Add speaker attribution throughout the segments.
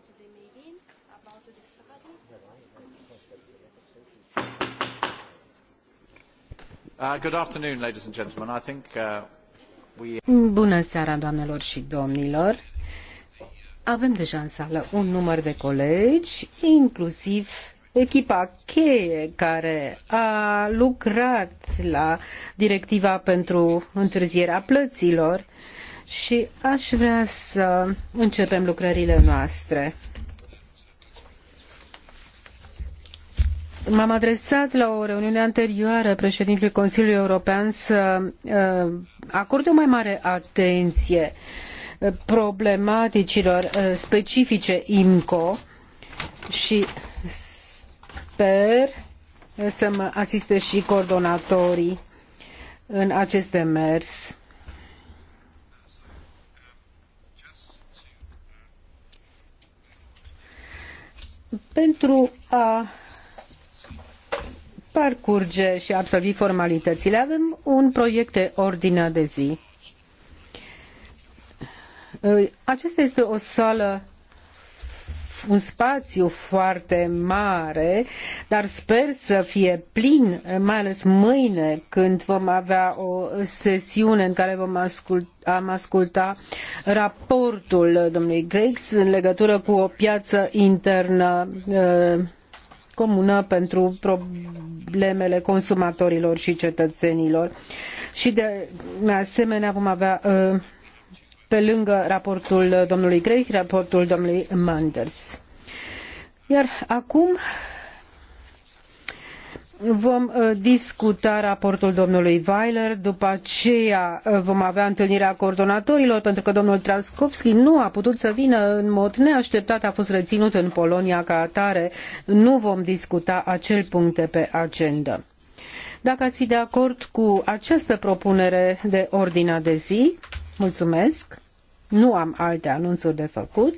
Speaker 1: about the meeting, about the study.
Speaker 2: Uh, good afternoon, ladies and gentlemen. I think uh, we...
Speaker 1: Bună seara, doamnelor și domnilor. Avem deja în sală un număr de colegi, inclusiv echipa cheie care a lucrat la directiva pentru întârzierea plăților. Uh, și aș vrea să începem lucrările noastre. M-am adresat la o reuniune anterioară președintelui Consiliului European să uh, acorde o mai mare atenție problematicilor uh, specifice IMCO și sper uh, să mă asiste și coordonatorii în acest demers pentru a parcurge și absolvi formalitățile. Avem un proiect de ordine de zi. Ă, Aceasta este o sală un spațiu foarte mare, dar sper să fie plin, mai ales mâine, când vom avea o sesiune în care vom asculta am asculta raportul domnului Grex în legătură cu o piață internă uh, comună pentru problemele consumatorilor și cetățenilor. Și de asemenea vom avea uh, pe lângă raportul domnului Grech, raportul domnului Manders. Iar acum vom uh, discuta raportul domnului Weiler, după aceea uh, vom avea întâlnirea coordonatorilor, pentru că domnul Traskovski nu a putut să vină în mod neașteptat, a fost reținut în Polonia ca atare. Nu vom discuta acel punct de pe agenda. Dacă ați fi de acord cu această propunere de ordinea de zi, mulțumesc. Nu am alte anunțuri de făcut.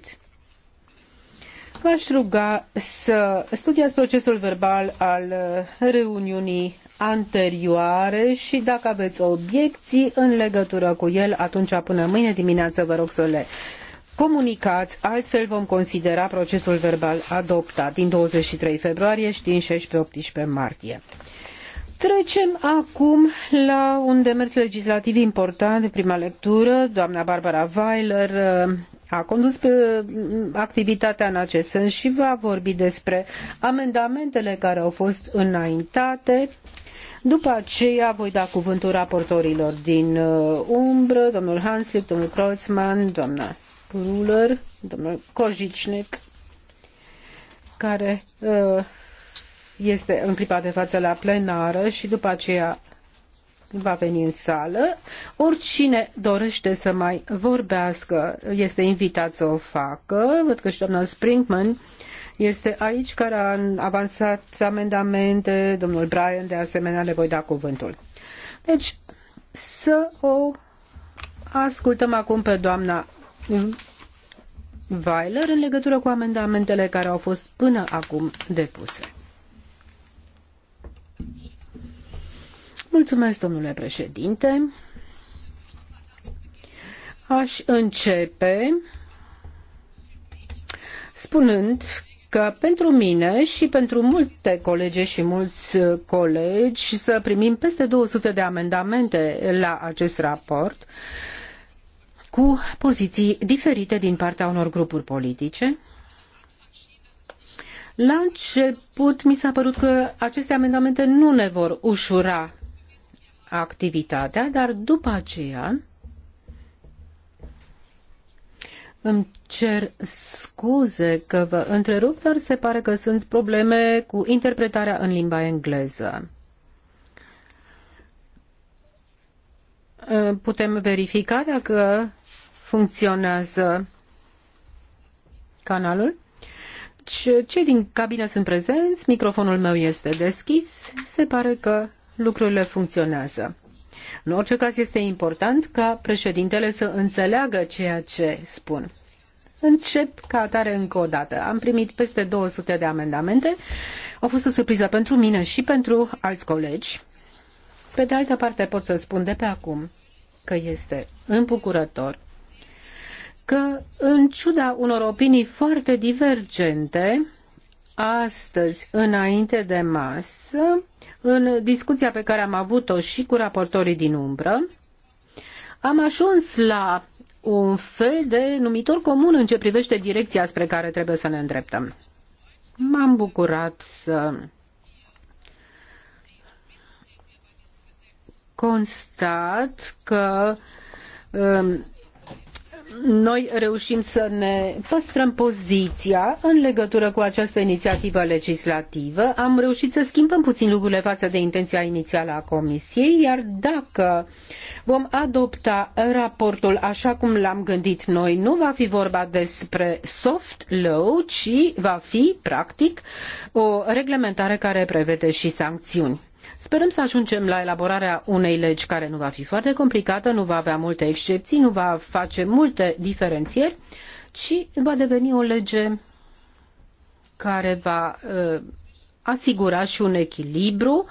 Speaker 1: V-aș ruga să studiați procesul verbal al reuniunii anterioare și dacă aveți obiecții în legătură cu el, atunci până mâine dimineață vă rog să le comunicați, altfel vom considera procesul verbal adoptat din 23 februarie și din 16-18 martie. Trecem acum la un demers legislativ important de prima lectură. Doamna Barbara Weiler uh, a condus pe uh, activitatea în acest sens și va vorbi despre amendamentele care au fost înaintate. După aceea voi da cuvântul raportorilor din uh, umbră, domnul Hanslick, domnul Kreutzmann, doamna Ruler, domnul Kojicnik, care uh, este în clipa de față la plenară și după aceea va veni în sală. Oricine dorește să mai vorbească este invitat să o facă. Văd că și doamna Springman este aici care a avansat amendamente, domnul Brian de asemenea le voi da cuvântul. Deci să o ascultăm acum pe doamna Weiler în legătură cu amendamentele care au fost până acum depuse. Mulțumesc, domnule președinte. Aș începe spunând că pentru mine și pentru multe colege și mulți colegi să primim peste 200 de amendamente la acest raport cu poziții diferite din partea unor grupuri politice. La început mi s-a părut că aceste amendamente nu ne vor ușura activitatea, dar după aceea îmi cer scuze că vă întrerup, dar se pare că sunt probleme cu interpretarea în limba engleză. Ă, putem verifica dacă funcționează canalul. Cei din cabină sunt prezenți, microfonul meu este deschis, se pare că lucrurile funcționează. În orice caz este important ca președintele să înțeleagă ceea ce spun. Încep ca atare încă o dată. Am primit peste 200 de amendamente. Au fost o surpriză pentru mine și pentru alți colegi. Pe de altă parte pot să spun de pe acum că este împucurător. că, în ciuda unor opinii foarte divergente, astăzi, înainte de masă, în discuția pe care am avut-o și cu raportorii din umbră, am ajuns la un fel de numitor comun în ce privește direcția spre care trebuie să ne îndreptăm. M-am bucurat să constat că um, noi reușim să ne păstrăm poziția în legătură cu această inițiativă legislativă. Am reușit să schimbăm puțin lucrurile față de intenția inițială a Comisiei, iar dacă vom adopta raportul așa cum l-am gândit noi, nu va fi vorba despre soft law, ci va fi, practic, o reglementare care prevede și sancțiuni. Sperăm să ajungem la elaborarea unei legi care nu va fi foarte complicată, nu va avea multe excepții, nu va face multe diferențieri, ci va deveni o lege care va uh, asigura și un echilibru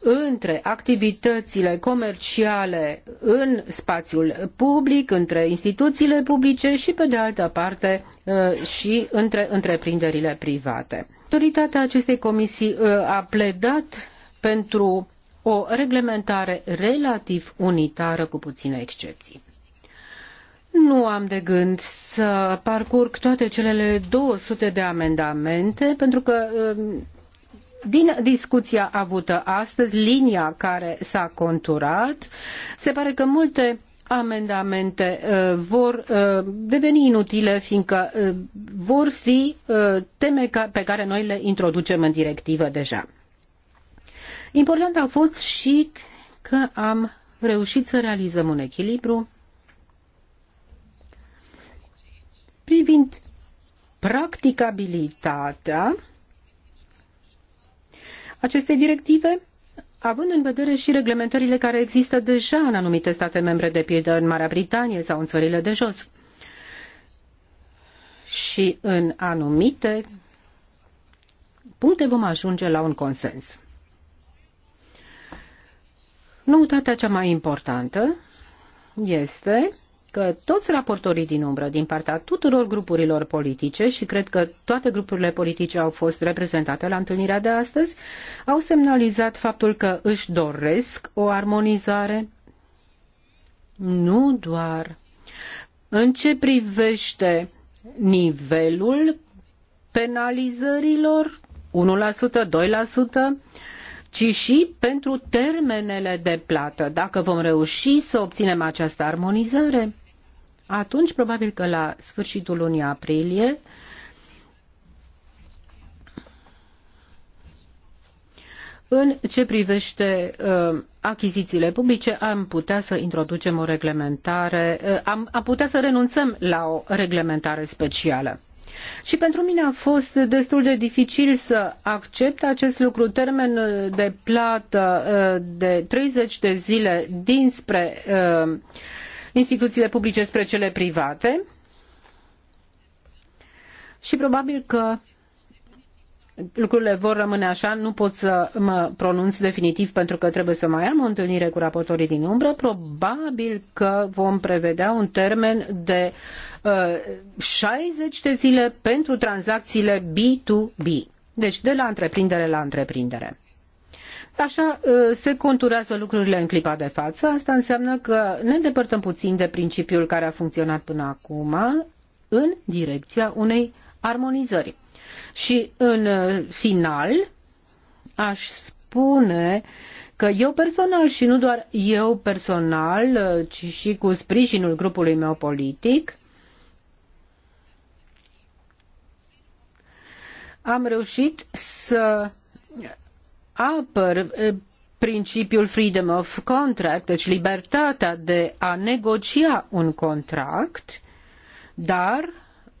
Speaker 1: între activitățile comerciale în spațiul public, între instituțiile publice și, pe de altă parte, uh, și între întreprinderile private. Autoritatea acestei comisii uh, a pledat pentru o reglementare relativ unitară cu puține excepții. Nu am de gând să parcurg toate celele 200 de amendamente, pentru că um, din discuția avută astăzi, linia care s-a conturat, se pare că multe amendamente uh, vor uh, deveni inutile, fiindcă uh, vor fi teme pe care noi le introducem în directivă deja. Important a fost și că am reușit să realizăm un echilibru privind practicabilitatea acestei directive, având în vedere și reglementările care există deja în anumite state membre, de pildă în Marea Britanie sau în țările de jos. Și în anumite puncte vom ajunge la un consens. Noutatea cea mai importantă este că toți raportorii din umbră, din partea tuturor grupurilor politice, și cred că toate grupurile politice au fost reprezentate la întâlnirea de astăzi, au semnalizat faptul că își doresc o armonizare nu doar în ce privește nivelul penalizărilor, 1%, ci și pentru termenele de plată. Dacă vom reuși să obținem această armonizare, atunci probabil că la sfârșitul lunii aprilie În ce privește uh, achizițiile publice, am putea să introducem o reglementare, uh, am, am putea să renunțăm la o reglementare specială. Și pentru mine a fost destul de dificil să accept acest lucru. Termen uh, de plată uh, de 30 de zile dinspre uh, instituțiile publice spre cele private. Și probabil că lucrurile vor rămâne așa, nu pot să mă pronunț definitiv pentru că trebuie să mai am o întâlnire cu raportorii din umbră. Probabil că vom prevedea un termen de uh, 60 de zile pentru tranzacțiile B2B. Deci de la întreprindere la întreprindere. Așa uh, se conturează lucrurile în clipa de față. Asta înseamnă că ne îndepărtăm puțin de principiul care a funcționat până acum în direcția unei armonizări. Și în uh, final, aș spune că eu personal și nu doar eu personal, uh, ci și cu sprijinul grupului meu politic, am reușit să apăr uh, principiul freedom of contract, deci libertatea de a negocia un contract, dar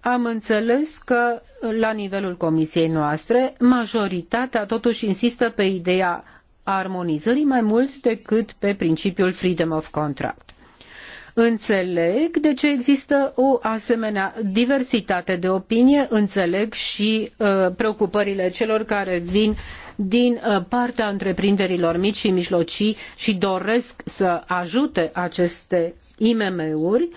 Speaker 1: am înțeles că la nivelul comisiei noastre majoritatea totuși insistă pe ideea armonizării mai mult decât pe principiul freedom of contract. Înțeleg de ce există o asemenea diversitate de opinie, înțeleg și uh, preocupările celor care vin din uh, partea întreprinderilor mici și mijlocii și doresc să ajute aceste IMM-uri uh,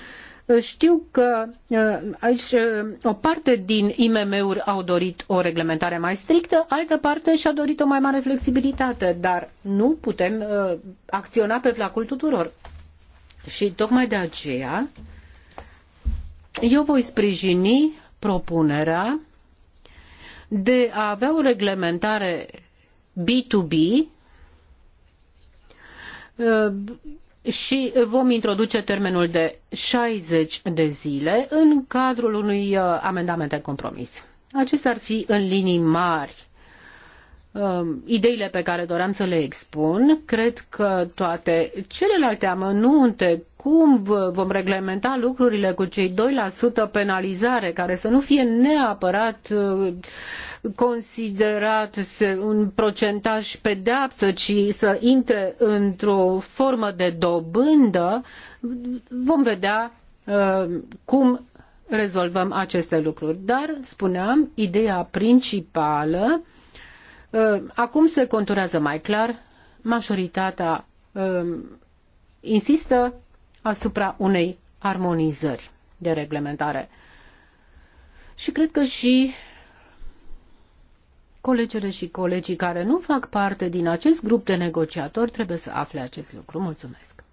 Speaker 1: știu că uh, aici uh, o parte din IMM-uri au dorit o reglementare mai strictă, altă parte și-a dorit o mai mare flexibilitate, dar nu putem uh, acționa pe placul tuturor. Și tocmai de aceea eu voi sprijini propunerea de a avea o reglementare B2B și vom introduce termenul de 60 de zile în cadrul unui uh, amendament de compromis. Acestea ar fi în linii mari Um, ideile pe care doream să le expun. Cred că toate celelalte amănunte, cum vom reglementa lucrurile cu cei 2% penalizare, care să nu fie neapărat uh, considerat un procentaj pedeapsă, ci să intre într-o formă de dobândă, vom vedea uh, cum rezolvăm aceste lucruri. Dar, spuneam, ideea principală Uh, acum se conturează mai clar, majoritatea um, insistă asupra unei armonizări de reglementare. Și cred că și colegele și colegii care nu fac parte din acest grup de negociatori trebuie să afle acest
Speaker 3: lucru. Mulțumesc!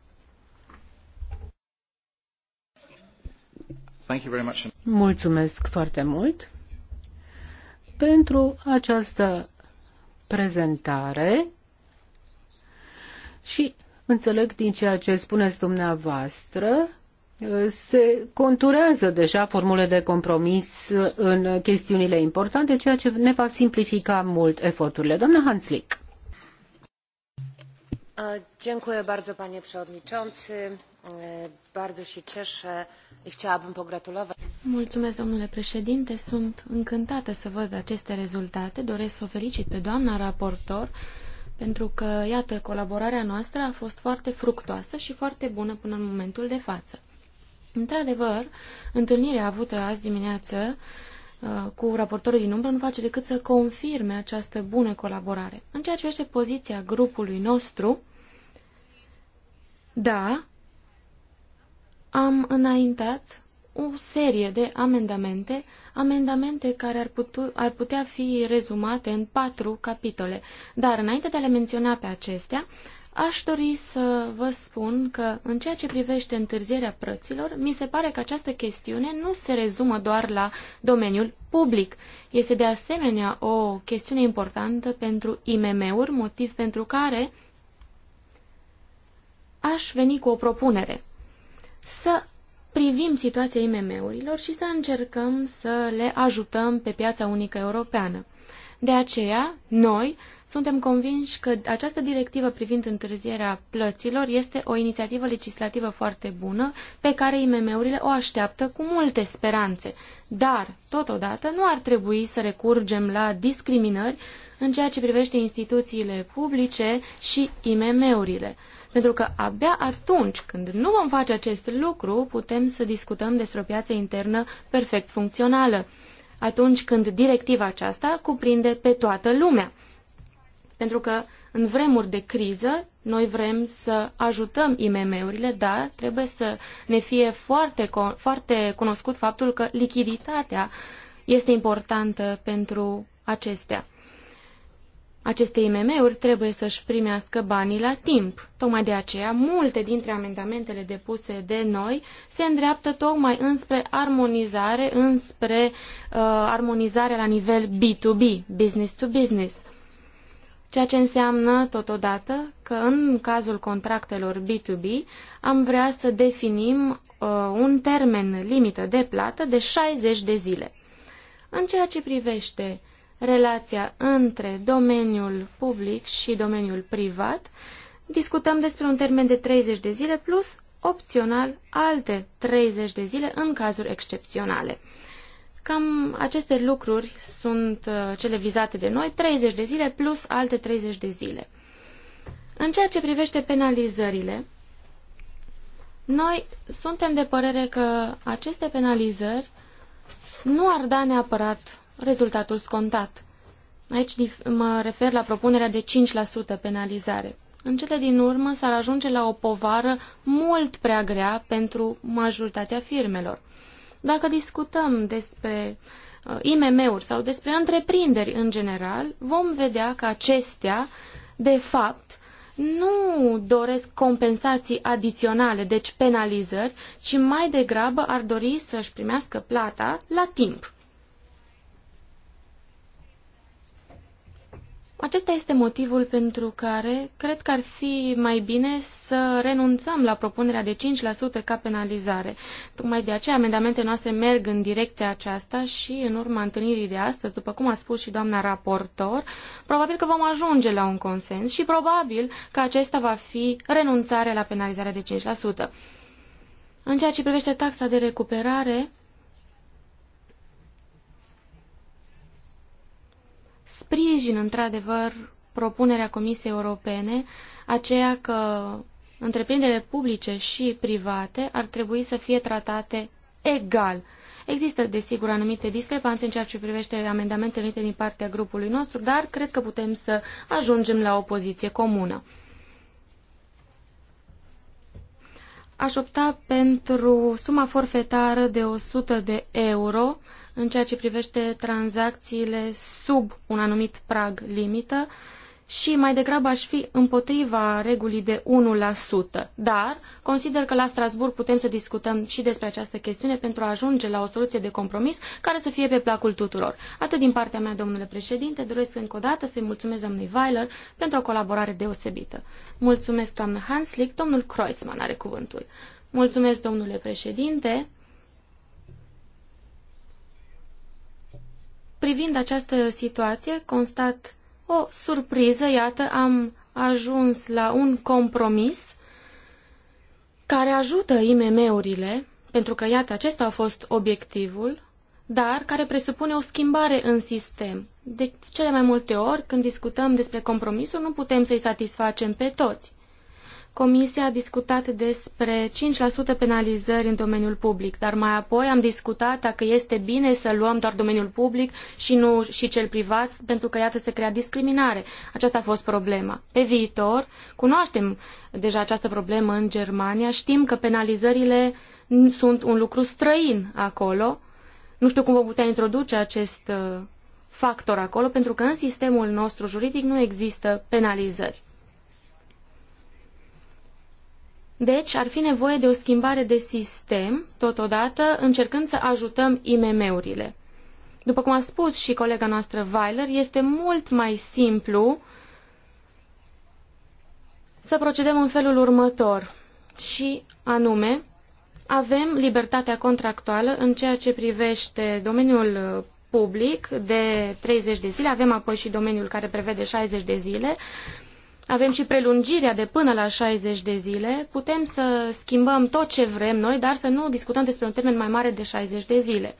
Speaker 1: Mulțumesc foarte mult pentru această prezentare și înțeleg din ceea ce spuneți dumneavoastră se conturează deja formule de compromis în chestiunile importante, ceea ce ne va simplifica mult eforturile. Doamna Hanslik.
Speaker 2: Uh, dziękuję bardzo, panie przewodniczący bardzo się cieszę i chciałabym
Speaker 3: pogratulować. Mulțumesc, domnule președinte. Sunt încântată să văd aceste rezultate. Doresc să o felicit pe doamna raportor pentru că, iată, colaborarea noastră a fost foarte fructoasă și foarte bună până în momentul de față. Într-adevăr, întâlnirea avută azi dimineață uh, cu raportorul din umbră nu face decât să confirme această bună colaborare. În ceea ce privește poziția grupului nostru, da, am înaintat o serie de amendamente, amendamente care ar, putu, ar putea fi rezumate în patru capitole. Dar înainte de a le menționa pe acestea, aș dori să vă spun că în ceea ce privește întârzierea prăților, mi se pare că această chestiune nu se rezumă doar la domeniul public. Este de asemenea o chestiune importantă pentru IMM-uri, motiv pentru care aș veni cu o propunere să privim situația IMM-urilor și să încercăm să le ajutăm pe piața unică europeană. De aceea, noi suntem convinși că această directivă privind întârzierea plăților este o inițiativă legislativă foarte bună pe care IMM-urile o așteaptă cu multe speranțe. Dar, totodată, nu ar trebui să recurgem la discriminări în ceea ce privește instituțiile publice și IMM-urile. Pentru că abia atunci când nu vom face acest lucru, putem să discutăm despre o piață internă perfect funcțională. Atunci când directiva aceasta cuprinde pe toată lumea. Pentru că în vremuri de criză, noi vrem să ajutăm IMM-urile, dar trebuie să ne fie foarte, foarte cunoscut faptul că lichiditatea este importantă pentru acestea. Aceste IMM-uri trebuie să-și primească banii la timp. Tocmai de aceea, multe dintre amendamentele depuse de noi se îndreaptă tocmai înspre armonizare, înspre uh, armonizarea la nivel B2B, business to business. Ceea ce înseamnă, totodată, că în cazul contractelor B2B am vrea să definim uh, un termen limită de plată de 60 de zile. În ceea ce privește relația între domeniul public și domeniul privat, discutăm despre un termen de 30 de zile plus, opțional, alte 30 de zile în cazuri excepționale. Cam aceste lucruri sunt uh, cele vizate de noi, 30 de zile plus alte 30 de zile. În ceea ce privește penalizările, noi suntem de părere că aceste penalizări nu ar da neapărat rezultatul scontat. Aici mă refer la propunerea de 5% penalizare. În cele din urmă s-ar ajunge la o povară mult prea grea pentru majoritatea firmelor. Dacă discutăm despre uh, IMM-uri sau despre întreprinderi în general, vom vedea că acestea, de fapt, nu doresc compensații adiționale, deci penalizări, ci mai degrabă ar dori să-și primească plata la timp. Acesta este motivul pentru care cred că ar fi mai bine să renunțăm la propunerea de 5% ca penalizare. Tocmai de aceea amendamentele noastre merg în direcția aceasta și în urma întâlnirii de astăzi, după cum a spus și doamna raportor, probabil că vom ajunge la un consens și probabil că acesta va fi renunțarea la penalizarea de 5%. În ceea ce privește taxa de recuperare, sprijin într-adevăr propunerea Comisiei Europene, aceea că întreprinderile publice și private ar trebui să fie tratate egal. Există, desigur, anumite discrepanțe în ceea ce privește amendamentele venite din partea grupului nostru, dar cred că putem să ajungem la o poziție comună. Aș opta pentru suma forfetară de 100 de euro în ceea ce privește tranzacțiile sub un anumit prag limită și mai degrabă aș fi împotriva regulii de 1%. Dar consider că la Strasbourg putem să discutăm și despre această chestiune pentru a ajunge la o soluție de compromis care să fie pe placul tuturor. Atât din partea mea, domnule președinte, doresc încă o dată să-i mulțumesc doamnei Weiler pentru o colaborare deosebită. Mulțumesc, doamnă Hanslick, domnul Kreutzmann are cuvântul. Mulțumesc, domnule președinte. Privind această situație, constat o surpriză, iată, am ajuns la un compromis care ajută IMM-urile, pentru că, iată, acesta a fost obiectivul, dar care presupune o schimbare în sistem. De cele mai multe ori, când discutăm despre compromisuri, nu putem să-i satisfacem pe toți. Comisia a discutat despre 5% penalizări în domeniul public, dar mai apoi am discutat dacă este bine să luăm doar domeniul public și nu și cel privat, pentru că iată se crea discriminare. Aceasta a fost problema. Pe viitor, cunoaștem deja această problemă în Germania, știm că penalizările sunt un lucru străin acolo. Nu știu cum vom putea introduce acest uh, factor acolo, pentru că în sistemul nostru juridic nu există penalizări. Deci ar fi nevoie de o schimbare de sistem, totodată încercând să ajutăm IMM-urile. După cum a spus și colega noastră Weiler, este mult mai simplu să procedăm în felul următor și anume avem libertatea contractuală în ceea ce privește domeniul public de 30 de zile, avem apoi și domeniul care prevede 60 de zile, avem și prelungirea de până la 60 de zile, putem să schimbăm tot ce vrem noi, dar să nu discutăm despre un termen mai mare de 60 de zile.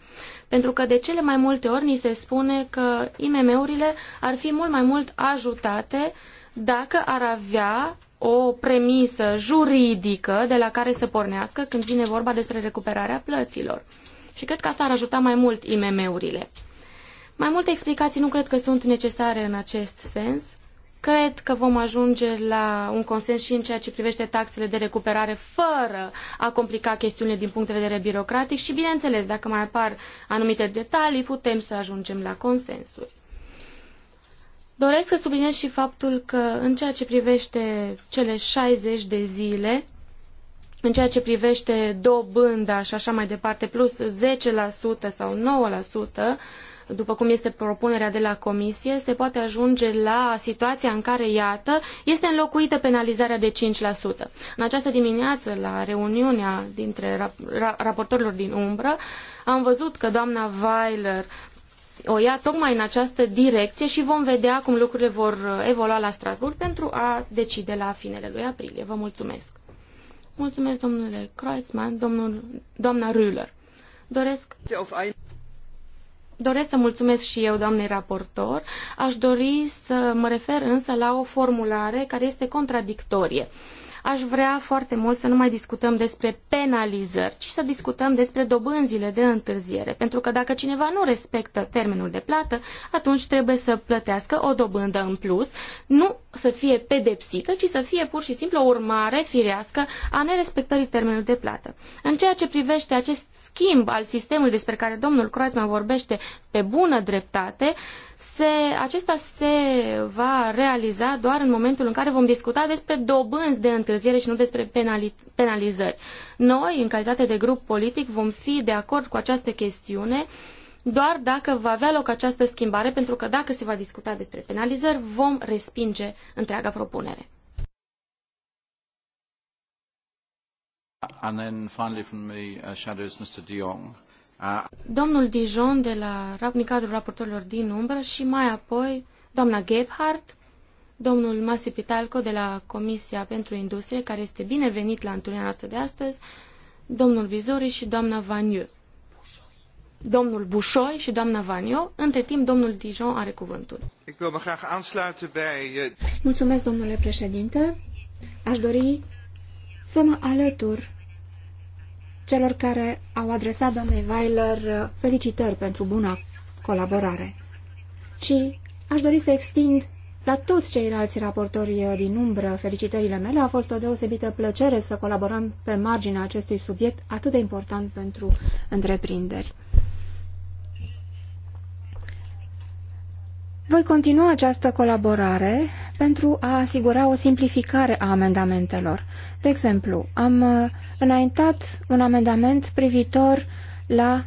Speaker 3: Pentru că de cele mai multe ori ni se spune că IMM-urile ar fi mult mai mult ajutate dacă ar avea o premisă juridică de la care să pornească când vine vorba despre recuperarea plăților. Și cred că asta ar ajuta mai mult IMM-urile. Mai multe explicații nu cred că sunt necesare în acest sens. Cred că vom ajunge la un consens și în ceea ce privește taxele de recuperare fără a complica chestiunile din punct de vedere birocratic și, bineînțeles, dacă mai apar anumite detalii, putem să ajungem la consensuri. Doresc să subliniez și faptul că în ceea ce privește cele 60 de zile, în ceea ce privește dobânda și așa mai departe, plus 10% sau 9%, după cum este propunerea de la comisie, se poate ajunge la situația în care, iată, este înlocuită penalizarea de 5%. În această dimineață, la reuniunea dintre rap- ra- raportorilor din umbră, am văzut că doamna Weiler o ia tocmai în această direcție și vom vedea cum lucrurile vor evolua la Strasbourg pentru a decide la finele lui aprilie. Vă mulțumesc! Mulțumesc, domnule Kreutzmann, domnul, doamna Doresc Doresc să mulțumesc și eu, doamnei raportor. Aș dori să mă refer însă la o formulare care este contradictorie. Uh, Aș vrea foarte mult să nu mai discutăm despre penalizări, ci să discutăm despre dobânzile de întârziere. Pentru că dacă cineva nu respectă termenul de plată, atunci trebuie să plătească o dobândă în plus, nu să fie pedepsită, ci să fie pur și simplu o urmare firească a nerespectării termenului de plată. În ceea ce privește acest schimb al sistemului despre care domnul Croațman vorbește pe bună dreptate, se, acesta se va realiza doar în momentul în care vom discuta despre dobânzi de întârziere și nu despre penali, penalizări. Noi, în calitate de grup politic, vom fi de acord cu această chestiune doar dacă va avea loc această schimbare, pentru că dacă se va discuta despre penalizări, vom respinge întreaga propunere.
Speaker 2: And then finally from uh, shadows, Mr. De Jong.
Speaker 3: Domnul Dijon de la, din cadrul raportorilor din umbră și mai apoi doamna Gebhardt, domnul Masi Pitalco de la Comisia pentru Industrie, care este binevenit la întâlnirea noastră de astăzi, domnul Vizori și doamna Vaniu. Domnul Bușoi și doamna Vaniu. Între timp, domnul Dijon are cuvântul.
Speaker 1: Eh,
Speaker 3: Mulțumesc, domnule președinte. Aș dori
Speaker 2: să mă alătur celor care au adresat doamnei Weiler uh, felicitări pentru buna colaborare. Și aș dori să extind la toți ceilalți raportori uh, din umbră felicitările mele. A fost o deosebită plăcere să colaborăm pe marginea acestui subiect atât de important pentru întreprinderi. Voi continua această colaborare pentru a asigura o simplificare a amendamentelor. De exemplu, am uh, înaintat un amendament privitor la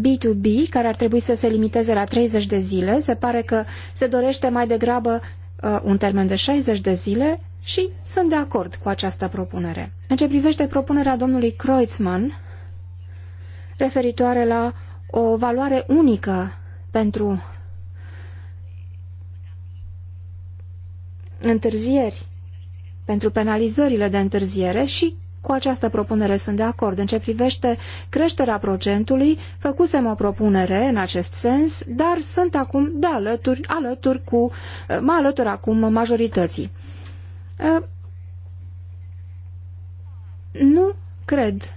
Speaker 2: B2B, care ar trebui să se limiteze la 30 de zile. Se pare că se dorește mai degrabă uh, un termen de 60 de zile și sunt de acord cu această propunere. În ce privește propunerea domnului Kreutzmann, referitoare la o valoare unică pentru întârzieri, pentru penalizările de întârziere și cu această propunere sunt de acord. În ce privește creșterea procentului, făcusem o propunere în acest sens, dar sunt acum de alături, alături cu, mă alătur acum majorității. Nu cred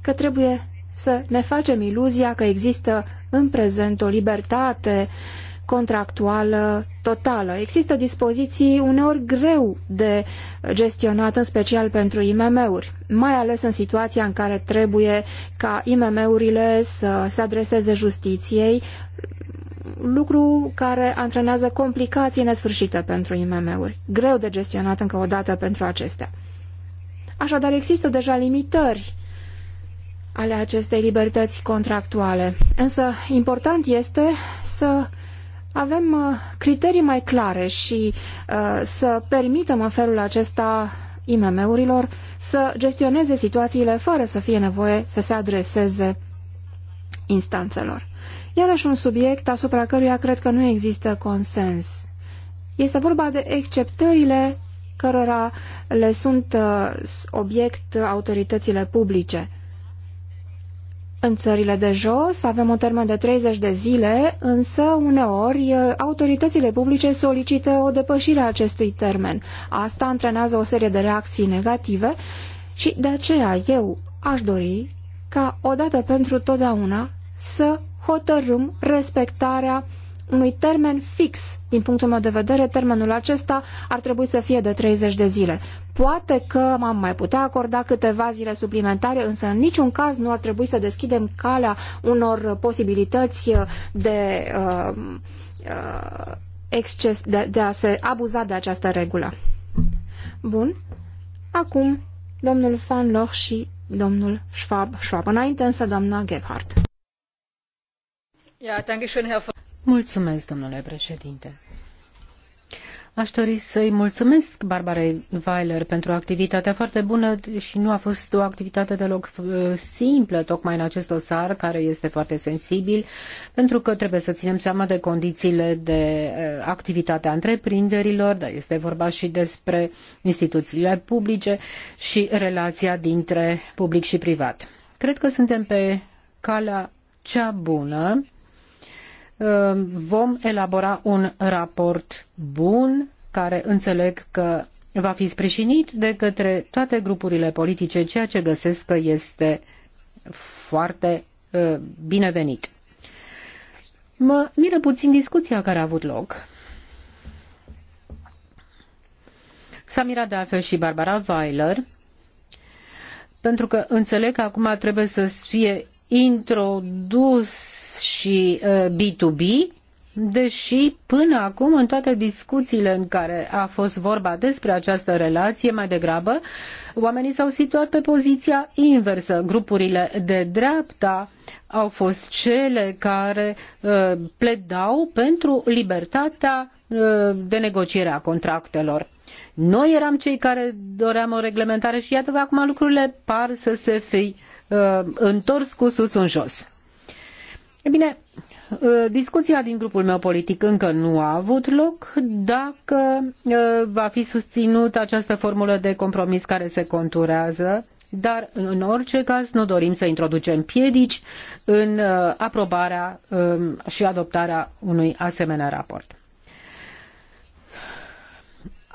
Speaker 2: că trebuie să ne facem iluzia că există în prezent o libertate contractuală totală. Există dispoziții uneori greu de gestionat, în special pentru IMM-uri, mai ales în situația în care trebuie ca IMM-urile să se adreseze justiției, lucru care antrenează complicații nesfârșite pentru IMM-uri, greu de gestionat încă o dată pentru acestea. Așadar, există deja limitări ale acestei libertăți contractuale. Însă important este să avem uh, criterii mai clare și uh, să permitem în felul acesta IMM-urilor să gestioneze situațiile fără să fie nevoie să se adreseze instanțelor. Iarăși un subiect asupra căruia cred că nu există consens. Este vorba de exceptările cărora le sunt uh, obiect autoritățile publice. În țările de jos avem o termen de 30 de zile, însă uneori autoritățile publice solicită o depășire a acestui termen. Asta antrenează o serie de reacții negative și de aceea eu aș dori ca odată pentru totdeauna să hotărâm respectarea uh, unui termen fix. Din punctul meu de vedere, termenul acesta ar trebui să fie de 30 de zile. Poate că m-am mai putea acorda câteva zile suplimentare, însă în niciun caz nu ar trebui să deschidem calea unor posibilități de, uh, uh, exces, de, de a se abuza de această regulă. Bun. Acum, domnul Van Loch și domnul
Speaker 1: Schwab. Schwab înainte, însă doamna Gebhardt. Ja, danke schön, Herr Mulțumesc, domnule președinte. Aș dori să-i mulțumesc Barbarei Weiler pentru activitatea foarte bună și nu a fost o activitate deloc uh, simplă, tocmai în acest dosar care este foarte sensibil, pentru că trebuie să ținem seama de condițiile de uh, activitate a întreprinderilor, dar este vorba și despre instituțiile publice și relația dintre public și privat. Cred că suntem pe calea cea bună Ehm, vom elabora un raport bun care înțeleg că va fi sprijinit de către toate grupurile politice, ceea ce găsesc că este foarte ehm, binevenit. Mă miră puțin discuția care a avut loc. Samira a și Barbara Weiler, pentru că înțeleg că acum trebuie să fie introdus și B2B, uh, deși până acum în toate discuțiile în care a fost vorba despre această relație, mai degrabă, oamenii s-au situat pe poziția inversă. Grupurile de dreapta au fost cele care uh, pledau pentru libertatea uh, de negociere a contractelor. Noi eram cei care doream o reglementare și iată că acum lucrurile par să se fi Uh, întors cu sus în jos. E bine, uh, Discuția din grupul meu politic încă nu a avut loc dacă uh, va fi susținut această formulă de compromis care se conturează, dar în orice caz nu dorim să introducem piedici în aprobarea um, și adoptarea unui asemenea raport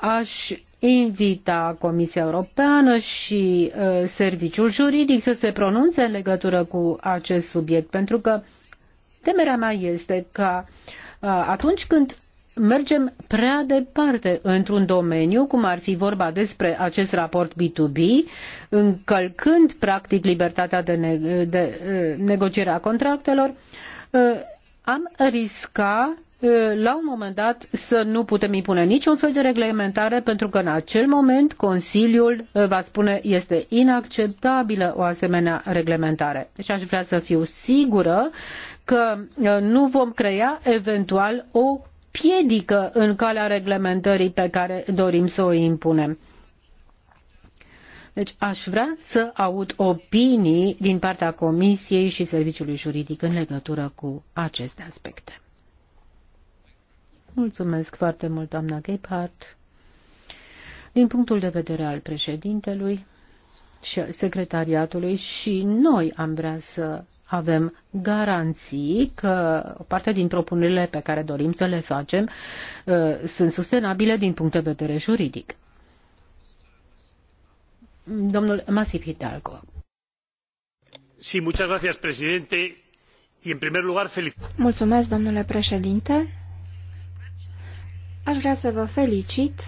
Speaker 1: aș invita Comisia Europeană și uh, Serviciul Juridic să se pronunțe în legătură cu acest subiect, pentru că temerea mea este că uh, atunci când mergem prea departe într-un domeniu, cum ar fi vorba despre acest raport B2B, încălcând practic libertatea de, ne- de uh, negociere a contractelor, uh, am risca Eh, la un moment dat să nu putem impune niciun fel de reglementare pentru că în acel moment Consiliul eh, va spune este inacceptabilă o asemenea reglementare. Deci aș vrea să fiu sigură că eh, nu vom crea eventual o piedică în calea reglementării pe care dorim să o impunem. Deci aș vrea să aud opinii din partea Comisiei și Serviciului Juridic în legătură cu aceste aspecte. Mulțumesc foarte mult, doamna Gebhardt. Din punctul de vedere al președintelui și al secretariatului și noi am vrea să avem garanții că o parte din propunerile pe care dorim să le facem uh, sunt sustenabile din punct de vedere juridic. Domnul Masip Hidalgo.
Speaker 4: Sí, muchas gracias, presidente. Y en primer lugar, felic-
Speaker 2: Mulțumesc, domnule președinte. Aș vrea să vă felicit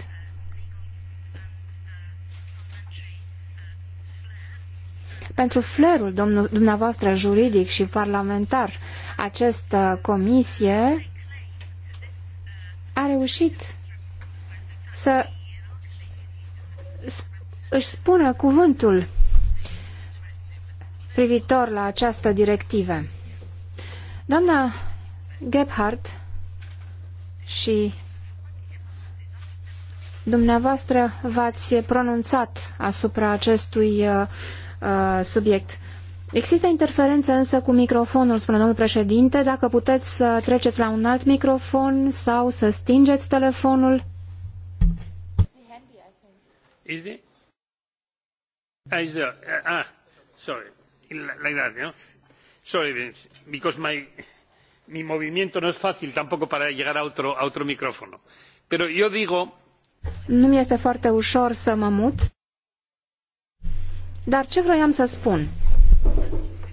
Speaker 2: pentru flerul dumneavoastră juridic și parlamentar. Această comisie a reușit să își spună cuvântul privitor la această directivă. Doamna Gebhardt și Dumneavoastră v-ați pronunțat asupra acestui uh, uh, subiect. Există interferență însă cu microfonul, spune domnul președinte, dacă puteți să treceți la un alt microfon sau să stingeți telefonul.
Speaker 4: Is it? Ah, is there? Ah, ah sorry. Like that, no? Sorry, because my, mi movimiento no es fácil tampoco para llegar a otro, a otro micrófono. Pero yo digo
Speaker 2: nu mi este foarte ușor să mă mut. Dar ce vroiam să spun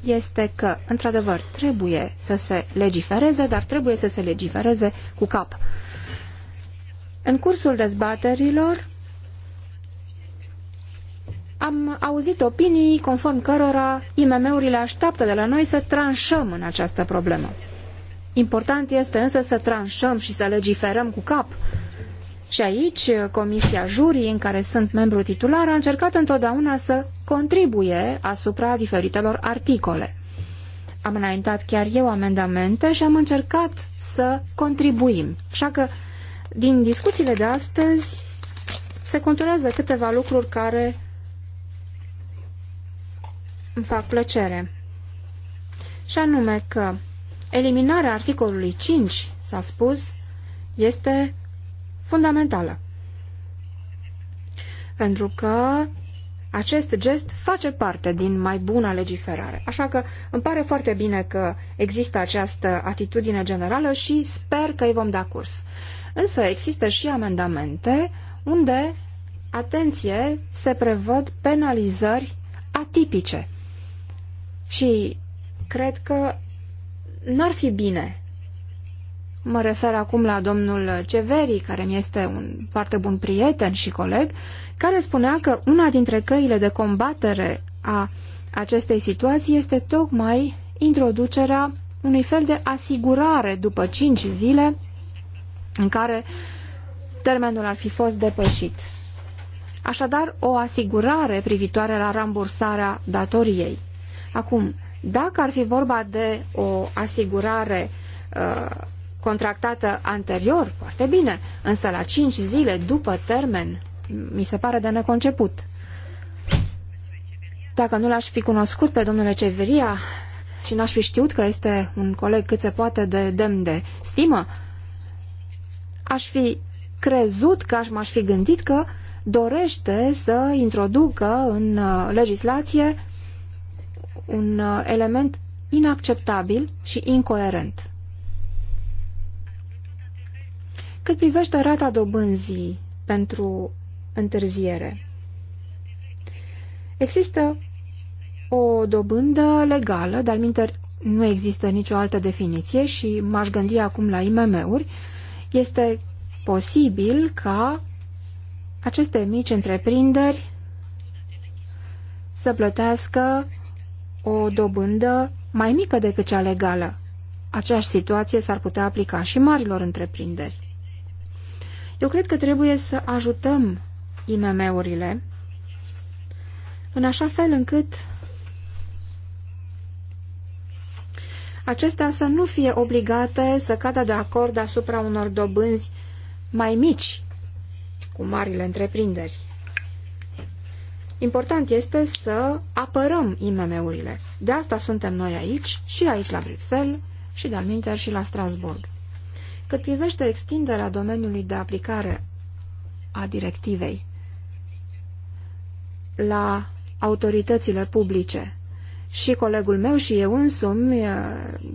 Speaker 2: este că, într-adevăr, trebuie să se legifereze, dar trebuie să se legifereze cu cap. În cursul dezbaterilor am auzit opinii conform cărora IMM-urile așteaptă de la noi să tranșăm în această problemă. Important este însă să tranșăm și să legiferăm cu cap, și aici, uh, Comisia Jurii, în care sunt membru titular, a încercat întotdeauna să contribuie asupra diferitelor articole. Am înaintat chiar eu amendamente și am încercat să contribuim. Așa că, din discuțiile de astăzi, se conturează câteva lucruri care îmi fac plăcere. Și anume că eliminarea articolului 5, s-a spus, este fundamentală. Pentru că acest gest face parte din mai buna legiferare. Așa că îmi pare foarte bine că există această atitudine generală și sper că îi vom da curs. Însă există și amendamente unde, atenție, se prevăd penalizări atipice. Și cred că n-ar fi bine Mă refer acum la domnul Ceveri, care mi este un foarte bun prieten și coleg, care spunea că una dintre căile de combatere a acestei situații este tocmai introducerea unui fel de asigurare după cinci zile în care termenul ar fi fost depășit. Așadar, o asigurare privitoare la rambursarea datoriei. Acum, dacă ar fi vorba de o asigurare uh, contractată anterior, foarte bine, însă la cinci zile după termen, mi se pare de neconceput. Dacă nu l-aș fi cunoscut pe domnule Ceveria și n-aș fi știut că este un coleg cât se poate de demn de stimă, aș fi crezut că m-aș fi gândit că dorește să introducă în uh, legislație un uh, element inacceptabil și incoerent. Cât privește rata dobânzii pentru întârziere, există o dobândă legală, dar minter nu există nicio altă definiție și m-aș gândi acum la IMM-uri, este posibil ca aceste mici întreprinderi să plătească o dobândă mai mică decât cea legală. Aceeași situație s-ar putea aplica și marilor întreprinderi. Eu cred că trebuie să ajutăm IMM-urile în așa fel încât acestea să nu fie obligate să cadă de acord asupra unor dobânzi mai mici cu marile întreprinderi. Important este să apărăm IMM-urile. De asta suntem noi aici, și aici la Bruxelles, și de-al și la Strasbourg. Cât privește extinderea domeniului de aplicare a directivei la autoritățile publice, și colegul meu și eu însumi, eh,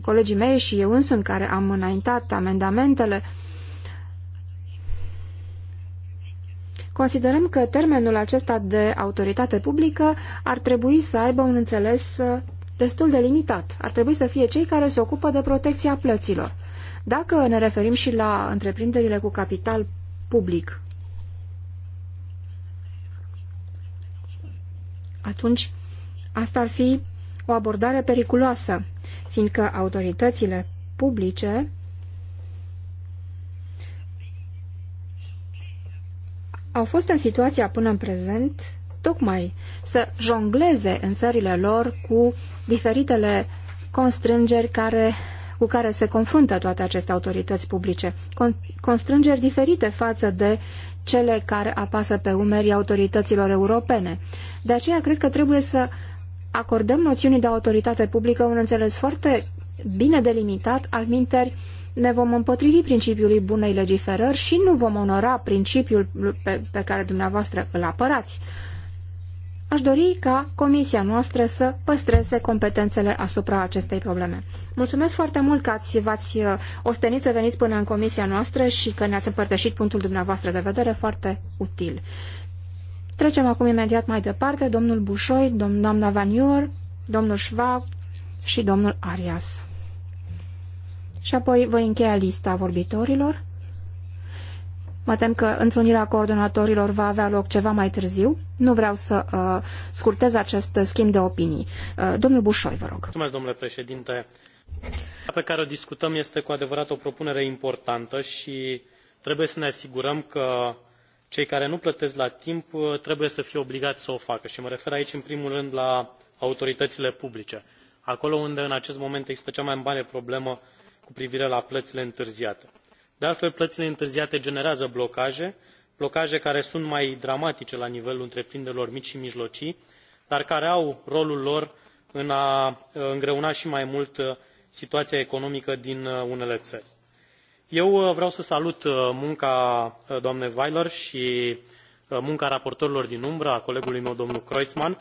Speaker 2: colegii mei și eu însumi care am înaintat amendamentele, considerăm că termenul acesta de autoritate publică ar trebui să aibă un înțeles eh, destul de limitat. Ar trebui să fie cei care se ocupă de protecția plăților. Dacă ne referim și la întreprinderile cu capital public, atunci asta ar fi o abordare periculoasă, fiindcă autoritățile publice au fost în situația până în prezent tocmai să jongleze în țările lor cu diferitele constrângeri care cu care se confruntă toate aceste autorități publice. Constrângeri diferite față de cele care apasă pe umerii autorităților europene. De aceea cred că trebuie să acordăm noțiunii de autoritate publică un înțeles foarte bine delimitat, al minteri ne vom împotrivi principiului bunei legiferări și nu vom onora principiul pe, pe care dumneavoastră îl apărați. Aș dori ca comisia noastră să păstreze competențele asupra acestei probleme. Mulțumesc foarte mult că ați, v-ați uh, ostenit să veniți până în comisia noastră și că ne-ați împărtășit punctul dumneavoastră de vedere foarte util. Trecem acum imediat mai departe, domnul Bușoi, dom doamna Vaniur, domnul Schwab și domnul Arias. Și apoi voi încheia lista vorbitorilor. Mă tem că întrunirea coordonatorilor va avea loc ceva mai târziu. Nu vreau să uh, scurtez acest schimb de opinii. Uh, domnul Bușoi,
Speaker 4: vă rog. Mulțumesc, domnule președinte. Pe care o discutăm este cu adevărat o propunere importantă și trebuie să ne asigurăm că cei care nu plătesc la timp uh, trebuie să fie obligați să o facă și mă refer aici în primul rând la autoritățile publice acolo unde în acest moment există cea mai mare problemă cu privire la plățile întârziate de altfel plăile întârziate generează blocaje blocaje care sunt mai dramatice la nivelul întreprinderilor mici și mijlocii dar care au rolul lor în a uh, îngreuna și mai mult uh, situația economică din uh, unele țări. eu vreau să salut munca doamnei weiler și munca raportorilor din umbră a colegului meu domnul creutzmann.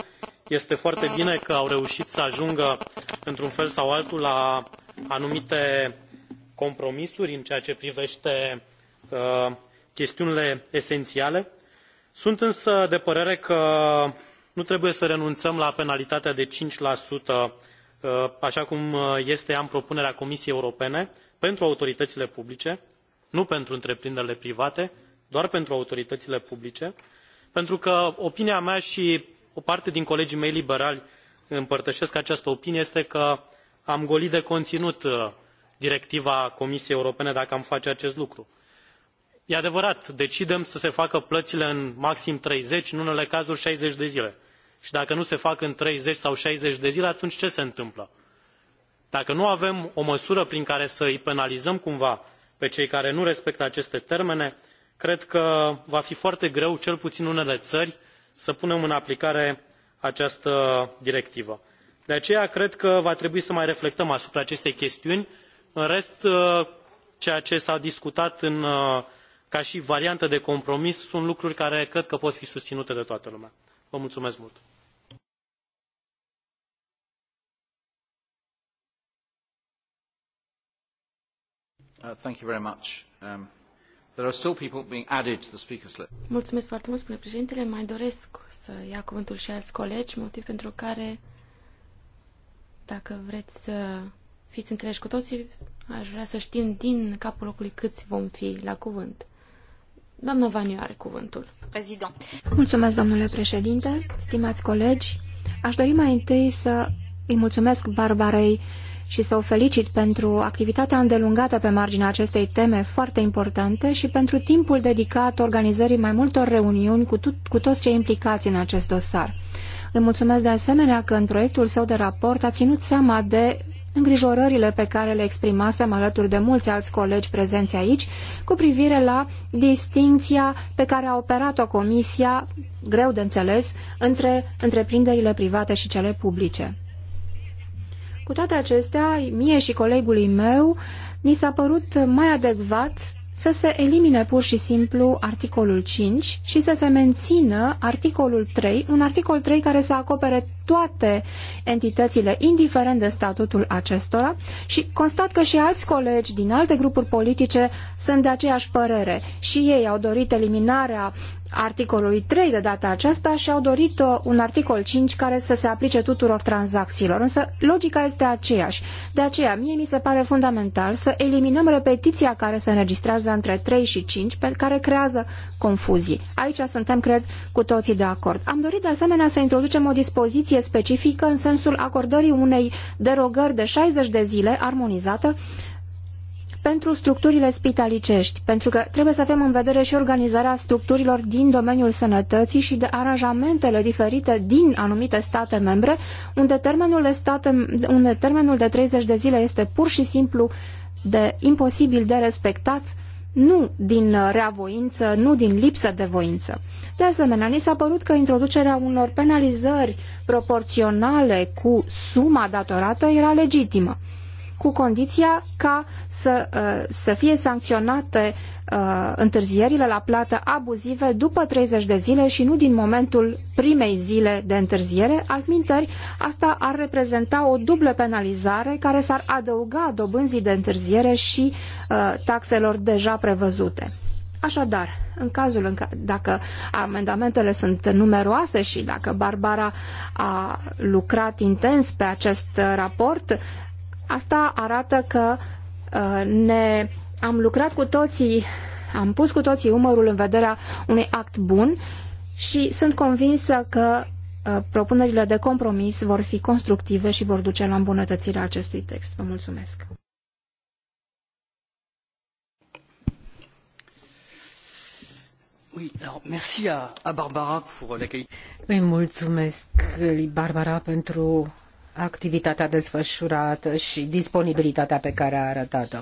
Speaker 4: este foarte bine că au reușit să ajungă într un fel sau altul la anumite compromisuri în ceea ce privește uh, chestiunile esențiale. Sunt însă de părere că nu trebuie să renunțăm la penalitatea de 5%, uh, așa cum uh, este în propunerea Comisiei Europene, pentru autoritățile publice, nu pentru întreprinderile private, doar pentru autoritățile publice, pentru că opinia mea și o parte din colegii mei liberali împărtășesc această opinie este că am golit de conținut uh, directiva comisiei europene dacă am face acest lucru. e adevărat decidem să se facă plăile în maxim treizeci în unele cazuri șaizeci de zile și dacă nu se fac în treizeci sau șaizeci de zile atunci ce se întâmplă? dacă nu avem o măsură prin care să îi penalizăm cumva pe cei care nu respectă aceste termene cred că va fi foarte greu cel puțin în unele țări să punem în aplicare această directivă. de aceea cred că va trebui să mai reflectăm asupra acestei chestiuni în rest uh, ceea ce s a discutat uh, ca i variantă de compromis sunt lucruri care cred că pot fi susinute de toată lumea. vă mulumesc mult!
Speaker 2: Uh, um,
Speaker 3: mulțumesc foarte mult, spune președintele. Mai doresc să ia cuvântul și alți colegi, motiv pentru care, dacă vreți să fiți înțeleși cu toții, aș vrea să știm din capul locului câți vom fi la cuvânt. Doamna Vaniu are cuvântul. Prezident.
Speaker 2: Mulțumesc, domnule președinte, stimați colegi. Aș dori mai întâi să îi mulțumesc Barbarei și să o felicit pentru activitatea îndelungată pe marginea acestei teme foarte importante și pentru timpul dedicat organizării mai multor reuniuni cu, tot, cu toți cei implicați în acest dosar. Îi mulțumesc de asemenea că în proiectul său de raport a ținut seama de îngrijorările pe care le exprimasem alături de mulți alți colegi prezenți aici cu privire la distinția pe care a operat-o Comisia, greu de înțeles, între întreprinderile private și cele publice. Cu toate acestea, mie și colegului meu, mi s-a părut mai adecvat să se elimine pur și simplu articolul 5 și să se mențină articolul 3, un articol 3 care să acopere toate entitățile, indiferent de statutul acestora și constat că și alți colegi din alte grupuri politice sunt de aceeași părere. Și ei au dorit eliminarea articolului 3 de data aceasta și au dorit uh, un articol 5 care să se aplice tuturor tranzacțiilor, însă logica este aceeași. De aceea, mie mi se pare fundamental să eliminăm repetiția care se înregistrează între 3 și 5, pe care creează confuzii. Aici suntem, cred, cu toții de acord. Am dorit de asemenea să introducem o dispoziție specifică în sensul acordării unei derogări de 60 de zile armonizată pentru structurile spitalicești, pentru că trebuie să avem în vedere și organizarea structurilor din domeniul sănătății și de aranjamentele diferite din anumite state membre, unde termenul de, state, unde termenul de 30 de zile este pur și simplu de imposibil de respectat, nu din reavoință, nu din lipsă de voință. De asemenea, ni s-a părut că introducerea unor penalizări proporționale cu suma datorată era legitimă cu condiția ca să, uh, să fie sancționate uh, întârzierile la plată abuzive după 30 de zile și nu din momentul primei zile de întârziere. Altminteri, asta ar reprezenta o dublă penalizare care s-ar adăuga dobânzii de întârziere și uh, taxelor deja prevăzute. Așadar, în cazul în care, dacă amendamentele sunt numeroase și dacă Barbara a lucrat intens pe acest raport, Asta arată că uh, ne am lucrat cu toții, am pus cu toții umărul în vederea unui act bun și sunt convinsă că uh, propunerile de compromis vor fi constructive și vor duce la îmbunătățirea acestui text. Vă mulțumesc!
Speaker 1: mulțumesc Barbara pentru activitatea desfășurată și disponibilitatea pe care a arătat-o.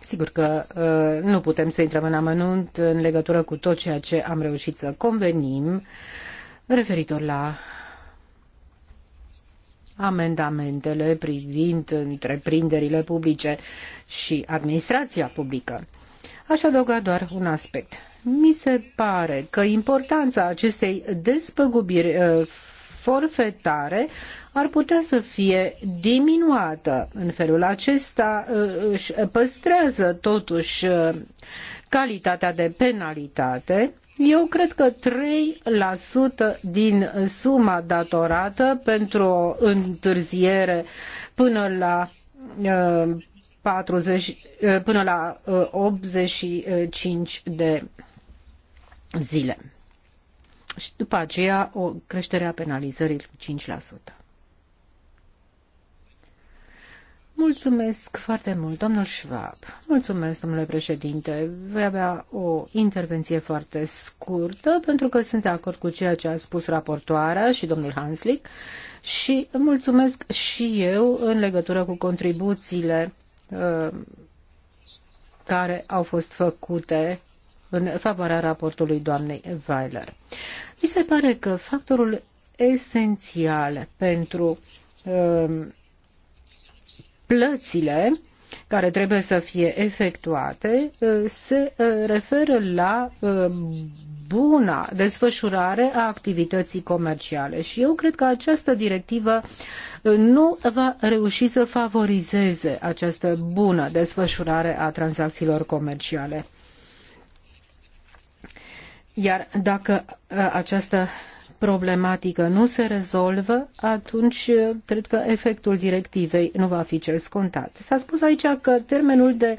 Speaker 1: Sigur că uh, nu putem să intrăm în amănunt în legătură cu tot ceea ce am reușit să convenim referitor la amendamentele privind întreprinderile publice și administrația publică. Aș adăuga doar un aspect. Mi se pare că importanța acestei despăgubiri uh, forfetare ar putea să fie diminuată. În felul acesta uh, își păstrează totuși uh, calitatea de penalitate. Eu cred că 3% din suma datorată pentru o întârziere până la 40, până la 85 de zile. Și după aceea o creștere a penalizării cu 5%. Mulțumesc foarte mult, domnul Schwab. Mulțumesc, domnule președinte. Voi avea o intervenție foarte scurtă, pentru că sunt de acord cu ceea ce a spus raportoarea și domnul Hanslick și mulțumesc și eu în legătură cu contribuțiile uh, care au fost făcute în favoarea raportului doamnei Weiler. Mi se pare că factorul esențial pentru um, plățile care trebuie să fie efectuate uh, se uh, referă la uh, buna desfășurare a activității comerciale și eu cred că această directivă nu va reuși să favorizeze această bună desfășurare a tranzacțiilor comerciale. Iar dacă uh, această problematică nu se rezolvă, atunci uh, cred că efectul directivei nu va fi cel scontat. S-a spus aici că termenul de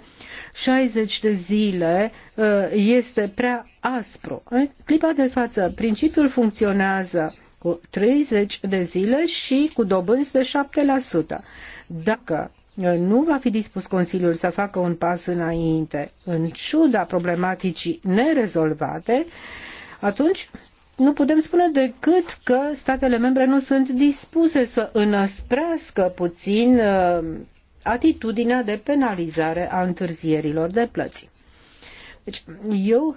Speaker 1: 60 de zile uh, este prea aspru. În clipa de față, principiul funcționează cu 30 de zile și cu dobânzi de 7%. Dacă Eh, nu va fi dispus Consiliul să facă un pas înainte, în ciuda problematicii nerezolvate, atunci nu putem spune decât că statele membre nu sunt dispuse să înăsprească puțin eh, atitudinea de penalizare a întârzierilor de plăți. Deci, eu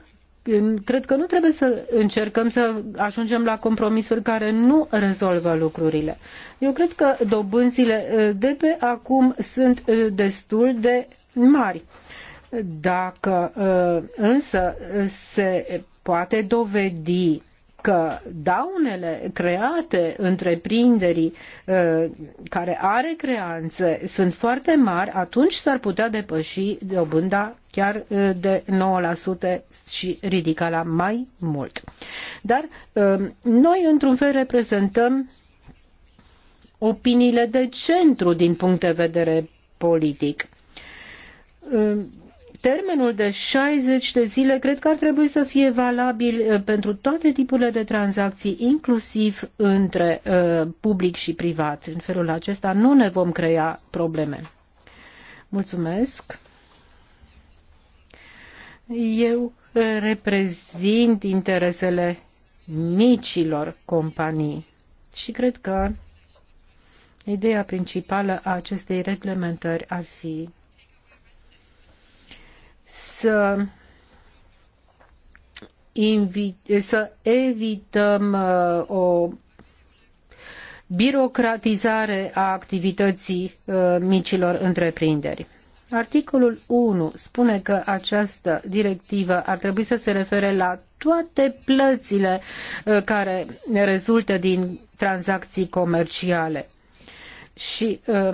Speaker 1: cred că nu trebuie să încercăm să ajungem la compromisuri care nu rezolvă lucrurile. Eu cred că dobânzile uh, de pe acum sunt uh, destul de mari. Dacă uh, însă se poate dovedi că daunele create întreprinderii care are creanțe sunt foarte mari, atunci s-ar putea depăși dobânda chiar uh, de 9% și ridica la mai mult. Dar uh, noi, într-un fel, reprezentăm opiniile de centru din punct de vedere politic. Uh, termenul de 60 de zile cred că ar trebui să fie valabil pentru toate tipurile de tranzacții, inclusiv între public și privat. În felul acesta nu ne vom crea probleme. Mulțumesc. Eu eh, reprezint interesele micilor companii și cred că ideea principală a acestei reglementări ar fi să, să evităm uh, o birocratizare a activității uh, micilor întreprinderi. Articolul 1 spune că această directivă ar trebui să se refere la toate plățile uh, care rezultă din tranzacții comerciale. Și uh,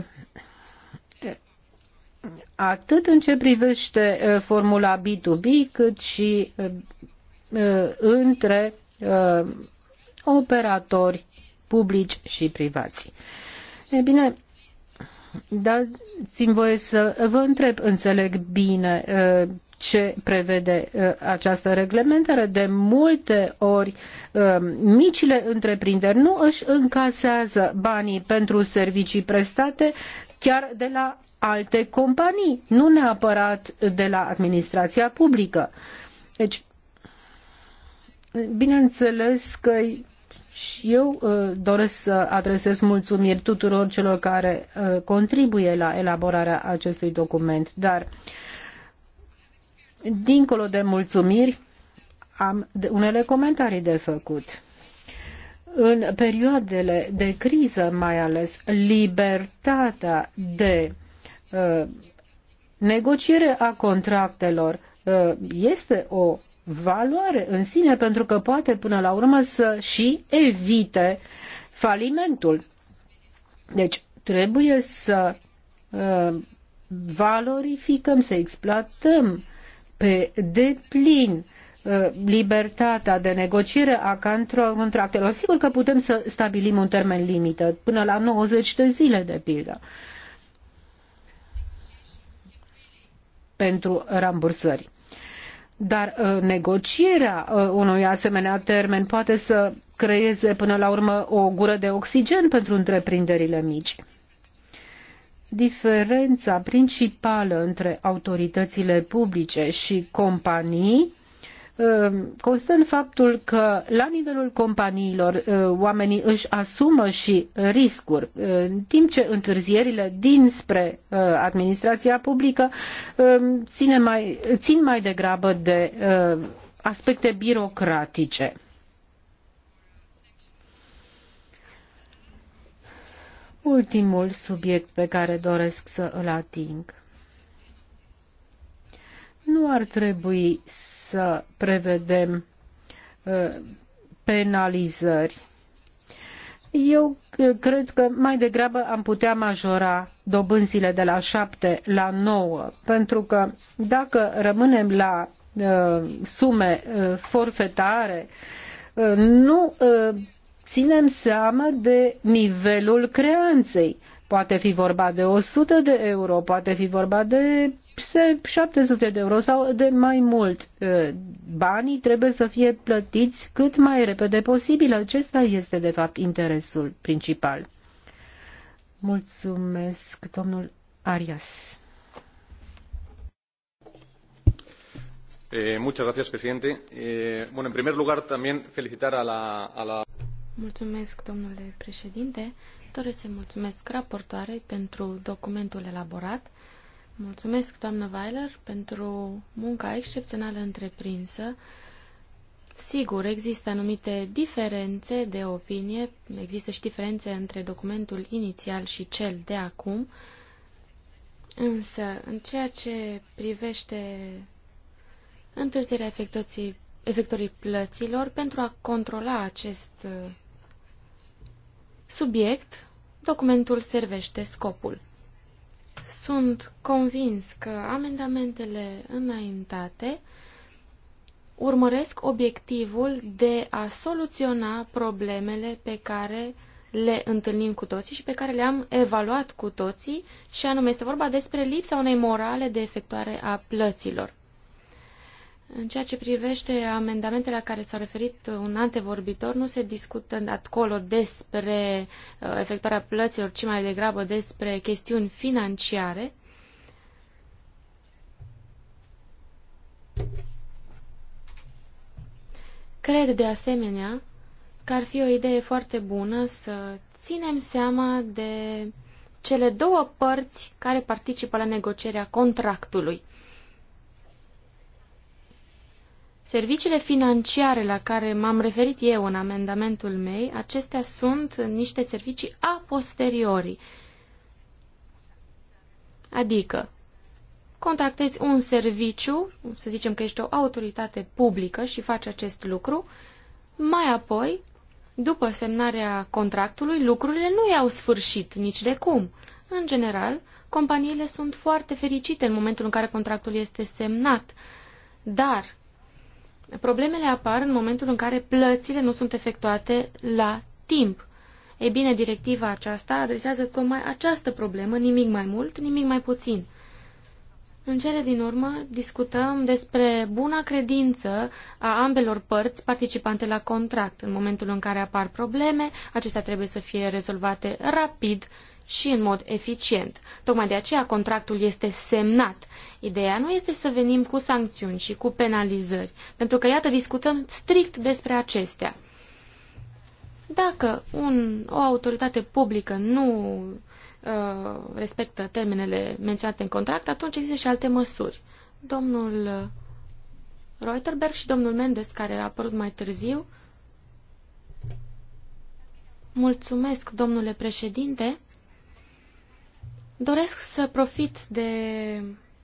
Speaker 1: atât în ce privește uh, formula B2B, cât și între operatori publici și privați. E bine, da, mi voie să vă întreb, înțeleg bine uh, ce prevede uh, această reglementare. De multe ori uh, micile întreprinderi nu își încasează banii pentru servicii prestate chiar de la alte companii, nu neapărat de la administrația publică. Deci, bineînțeles că și eu uh, doresc să adresez mulțumiri tuturor celor care uh, contribuie la elaborarea acestui document, dar dincolo de mulțumiri, am unele comentarii de făcut. În perioadele de criză, mai ales, libertatea de uh, negociere a contractelor uh, este o valoare în sine, pentru că poate până la urmă să și evite falimentul. Deci trebuie să uh, valorificăm, să exploatăm pe deplin uh, libertatea de negociere a contractelor. Sigur că putem să stabilim un termen limită, până la 90 de zile, de pildă, pentru rambursări. Dar uh, negocierea uh, unui asemenea termen poate să creeze până la urmă o gură de oxigen pentru întreprinderile mici. Diferența principală între autoritățile publice și companii Ehm, constă în faptul că la nivelul companiilor eh, oamenii își asumă și riscuri, eh, în timp ce întârzierile dinspre eh, administrația publică ehm, ține mai, țin mai degrabă de aspecte birocratice. Ultimul subiect pe care doresc să îl ating nu ar trebui să prevedem uh, penalizări. Eu uh, cred că mai degrabă am putea majora dobânzile de la 7 la 9, pentru că dacă rămânem la uh, sume forfetare, nu ținem seama de nivelul creanței. Poate fi vorba de 100 de euro, poate fi vorba de 700 de euro sau de mai mult. Uh, banii trebuie să fie plătiți cât mai repede posibil. Acesta este, de fapt, interesul principal. Mulțumesc, domnul Arias.
Speaker 4: Eh, muchas gracias, presidente. Eh, bueno, en primer lugar, también felicitar a la, a la...
Speaker 3: Mulțumesc, domnule președinte. Doresc să mulțumesc raportoarei pentru documentul elaborat. Mulțumesc, doamnă Weiler, pentru munca excepțională întreprinsă. Sigur, există anumite diferențe de opinie, există și diferențe între documentul inițial și cel de acum, însă, în ceea ce privește întârzierea efectorii plăților, pentru a controla acest Subiect, documentul servește scopul. Sunt convins că amendamentele înaintate urmăresc obiectivul de a soluționa problemele pe care le întâlnim cu toții și pe care le-am evaluat cu toții, și anume este vorba despre lipsa unei morale de efectuare a plăților. În ceea ce privește amendamentele la care s-a referit un antevorbitor, nu se discută acolo despre uh, efectuarea plăților, ci mai degrabă despre chestiuni financiare. Cred de asemenea că ar fi o idee foarte bună să ținem seama de cele două părți care participă la negocierea contractului. Serviciile financiare la care m-am referit eu în amendamentul meu, acestea sunt niște servicii a posteriori. Adică, contractezi un serviciu, să zicem că ești o autoritate publică și faci acest lucru, mai apoi, după semnarea contractului, lucrurile nu i-au sfârșit nici de cum. În general, companiile sunt foarte fericite în momentul în care contractul este semnat, dar Problemele apar în momentul în care plățile nu sunt efectuate la timp. Ei bine, directiva aceasta adresează tocmai această problemă, nimic mai mult, nimic mai puțin. În cele din urmă discutăm despre buna credință a ambelor părți participante la contract. În momentul în care apar probleme, acestea trebuie să fie rezolvate rapid și în mod eficient. Tocmai de aceea contractul este semnat. Ideea nu este să venim cu sancțiuni și cu penalizări, pentru că, iată, discutăm strict despre acestea. Dacă un, o autoritate publică nu uh, respectă termenele menționate în contract, atunci există și alte măsuri. Domnul Reuterberg și domnul Mendes, care a apărut mai târziu, Mulțumesc, domnule președinte. Doresc să profit de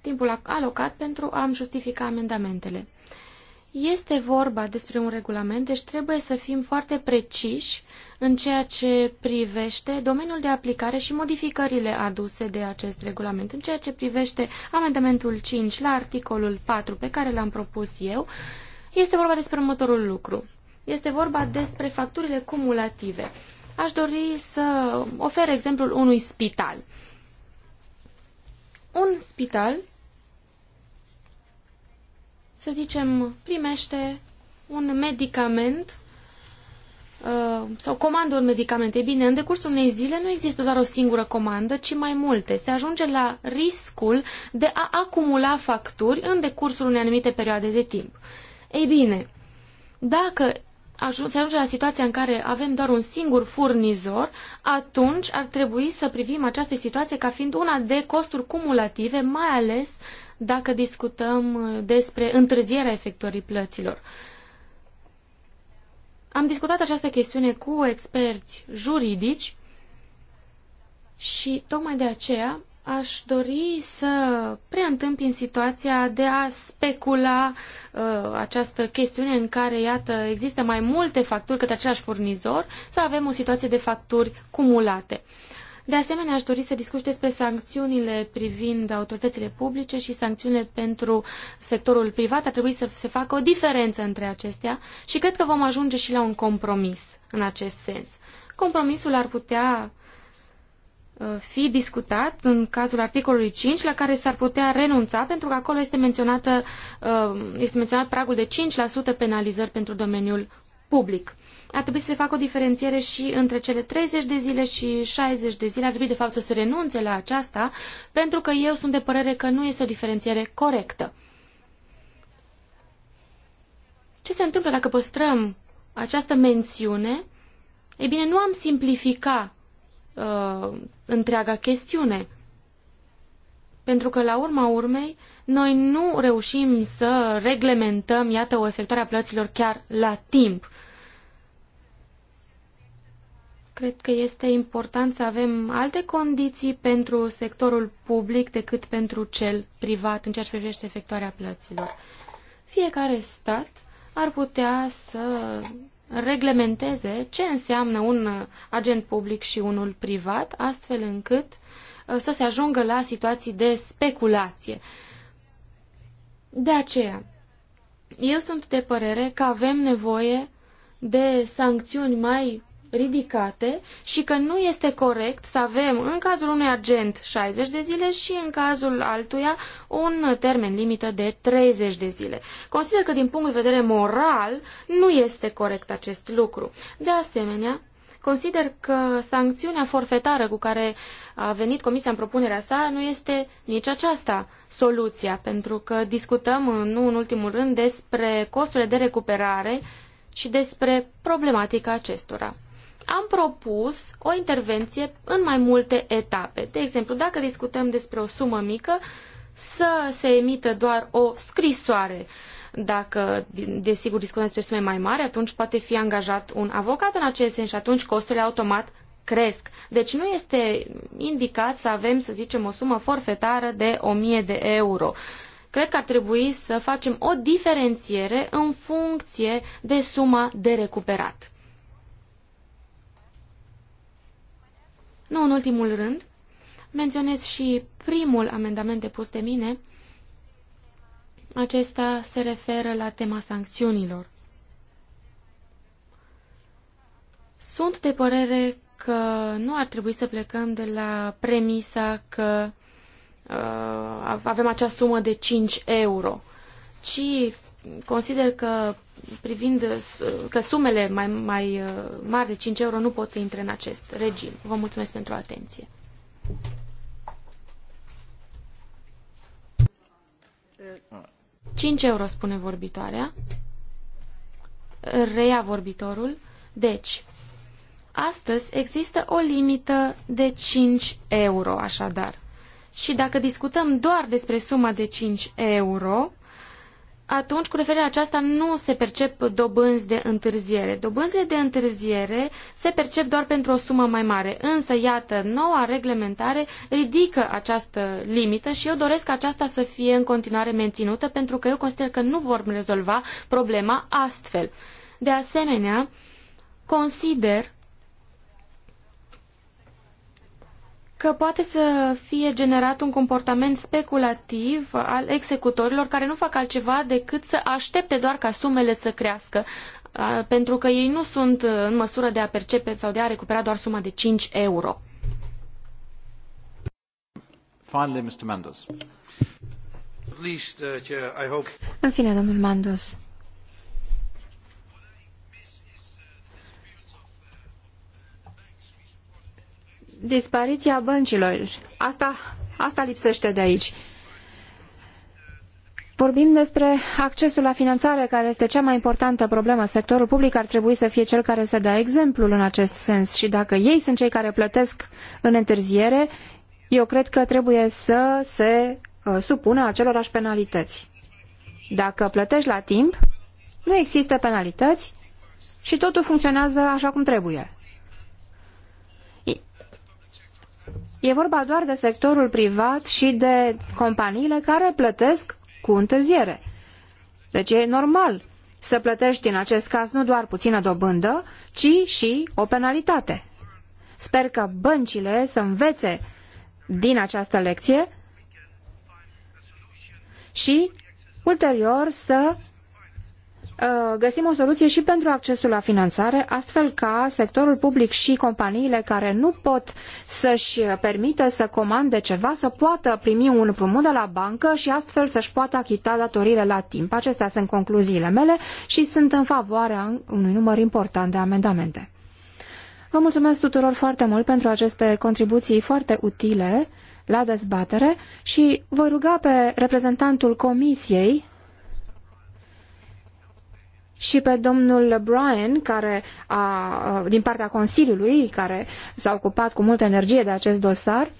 Speaker 3: timpul alocat pentru a-mi justifica amendamentele. Este vorba despre un regulament, deci trebuie să fim foarte preciși în ceea ce privește domeniul de aplicare și modificările aduse de acest regulament. În ceea ce privește amendamentul 5 la articolul 4 pe care l-am propus eu, este vorba despre următorul lucru. Este vorba despre facturile cumulative. Aș dori să ofer exemplul unui spital. Uh, un spital, să zicem, primește un medicament uh, sau comandă un medicament. E bine, în decursul unei zile nu există doar o singură comandă, ci mai multe. Se ajunge la riscul de a acumula facturi în decursul unei anumite perioade de timp. Ei bine, dacă se ajunge la situația în care avem doar un singur furnizor, atunci ar trebui să privim această situație ca fiind una de costuri cumulative, mai ales dacă discutăm uh, despre întârzierea efectuării plăților. Am discutat această chestiune cu experți juridici și tocmai de aceea aș dori să preîntâmpin situația de a specula uh, această chestiune în care, iată, există mai multe facturi către același furnizor, să avem o situație de facturi cumulate. De asemenea, aș dori să discut despre sancțiunile privind autoritățile publice și sancțiunile pentru sectorul privat. Ar trebui să se facă o diferență între acestea și cred că vom ajunge și la un compromis în acest sens. Compromisul ar putea fi discutat în cazul articolului 5 la care s-ar putea renunța pentru că acolo este, menționată, uh, este menționat pragul de 5% penalizări pentru domeniul public. Ar trebui să se facă o diferențiere și între cele 30 de zile și 60 de zile. Ar trebui, de fapt, să se renunțe la aceasta, pentru că eu sunt de părere că nu este o diferențiere corectă. Ce se întâmplă dacă păstrăm această mențiune? Ei bine, nu am simplifica uh, întreaga chestiune. Pentru că, la urma urmei, noi nu reușim să reglementăm, iată, o efectuare a plăților chiar la timp. Cred că este important să avem alte condiții pentru sectorul public decât pentru cel privat în ceea ce privește efectuarea plăților. Fiecare stat ar putea să reglementeze ce înseamnă un agent public și unul privat, astfel încât uh, să se ajungă la situații de speculație. De aceea, eu sunt de părere că avem nevoie de sancțiuni mai ridicate și că nu este corect să avem în cazul unui agent 60 de zile și în cazul altuia un termen limită de 30 de zile. Consider că din punct de vedere moral nu este corect acest lucru. De asemenea, consider că sancțiunea forfetară cu care a venit Comisia în propunerea sa nu este nici aceasta soluția, pentru că discutăm, nu în ultimul rând, despre costurile de recuperare și despre problematica acestora am propus o intervenție în mai multe etape. De exemplu, dacă discutăm despre o sumă mică, să se emită doar o scrisoare. Dacă, desigur, discutăm despre sume mai mari, atunci poate fi angajat un avocat în acest sens și atunci costurile automat cresc. Deci nu este indicat să avem, să zicem, o sumă forfetară de 1000 de euro. Cred că ar trebui să facem o diferențiere în funcție de suma de recuperat. Nu în ultimul rând, menționez și primul amendament depus de mine. Acesta se referă la tema sancțiunilor. Sunt de părere că nu ar trebui să plecăm de la premisa că uh, avem acea sumă de 5 euro, ci consider că privind uh, că sumele mai, mai uh, mari de 5 euro nu pot să intre în acest regim. Vă mulțumesc pentru atenție. Cinci euro, spune vorbitoarea. Reia vorbitorul. Deci, astăzi există o limită de 5 euro, așadar. Și dacă discutăm doar despre suma de 5 euro, atunci cu referire la aceasta nu se percep dobânzi de întârziere. Dobânzile de întârziere se percep doar pentru o sumă mai mare, însă, iată, noua reglementare ridică această limită și eu doresc ca aceasta să fie în continuare menținută pentru că eu consider că nu vom rezolva problema astfel. De asemenea, consider că poate să fie generat un comportament speculativ al executorilor care nu fac altceva decât să aștepte doar ca sumele să crească, pentru că ei nu sunt în măsură de a percepe sau de a recupera doar suma de 5 euro.
Speaker 4: Finally, Mr. Mandos. Uh,
Speaker 2: în fine, domnul Mandos. dispariția băncilor. Asta, asta lipsește de aici. Vorbim despre accesul la finanțare, care este cea mai importantă problemă. Sectorul public ar trebui să fie cel care să dea exemplul în acest sens și dacă ei sunt cei care plătesc în întârziere, eu cred că trebuie să se uh, supună acelorași penalități. Dacă plătești la timp, nu există penalități și totul funcționează așa cum trebuie. E vorba doar de sectorul privat și de companiile care plătesc cu întârziere. Deci e normal să plătești în acest caz nu doar puțină dobândă, ci și o penalitate. Sper că băncile să învețe din această lecție și ulterior să Uh, găsim o soluție și pentru accesul la finanțare, astfel ca sectorul public și companiile care nu pot să-și permită să comande ceva, să poată primi un împrumut de la bancă și astfel să-și poată achita datoriile la timp. Acestea sunt concluziile mele și sunt în favoarea unui număr important de amendamente. Vă mulțumesc tuturor foarte mult pentru aceste contribuții foarte utile la dezbatere și voi ruga pe reprezentantul Comisiei și pe domnul Bryan, care a, din partea Consiliului, care s-a ocupat cu multă energie de acest dosar,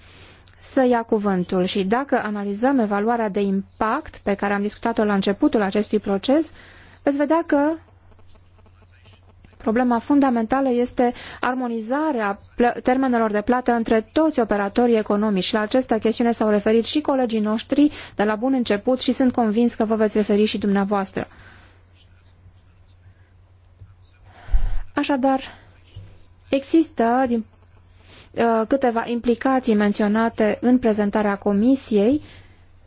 Speaker 2: să ia cuvântul. Și dacă analizăm evaluarea de impact pe care am discutat-o la începutul acestui proces, veți vedea că problema fundamentală este armonizarea termenelor de plată între toți operatorii economici. Și la această chestiune s-au referit și colegii noștri de la bun început și sunt convins că vă veți referi și dumneavoastră. Așadar, există din, uh, câteva implicații menționate în prezentarea comisiei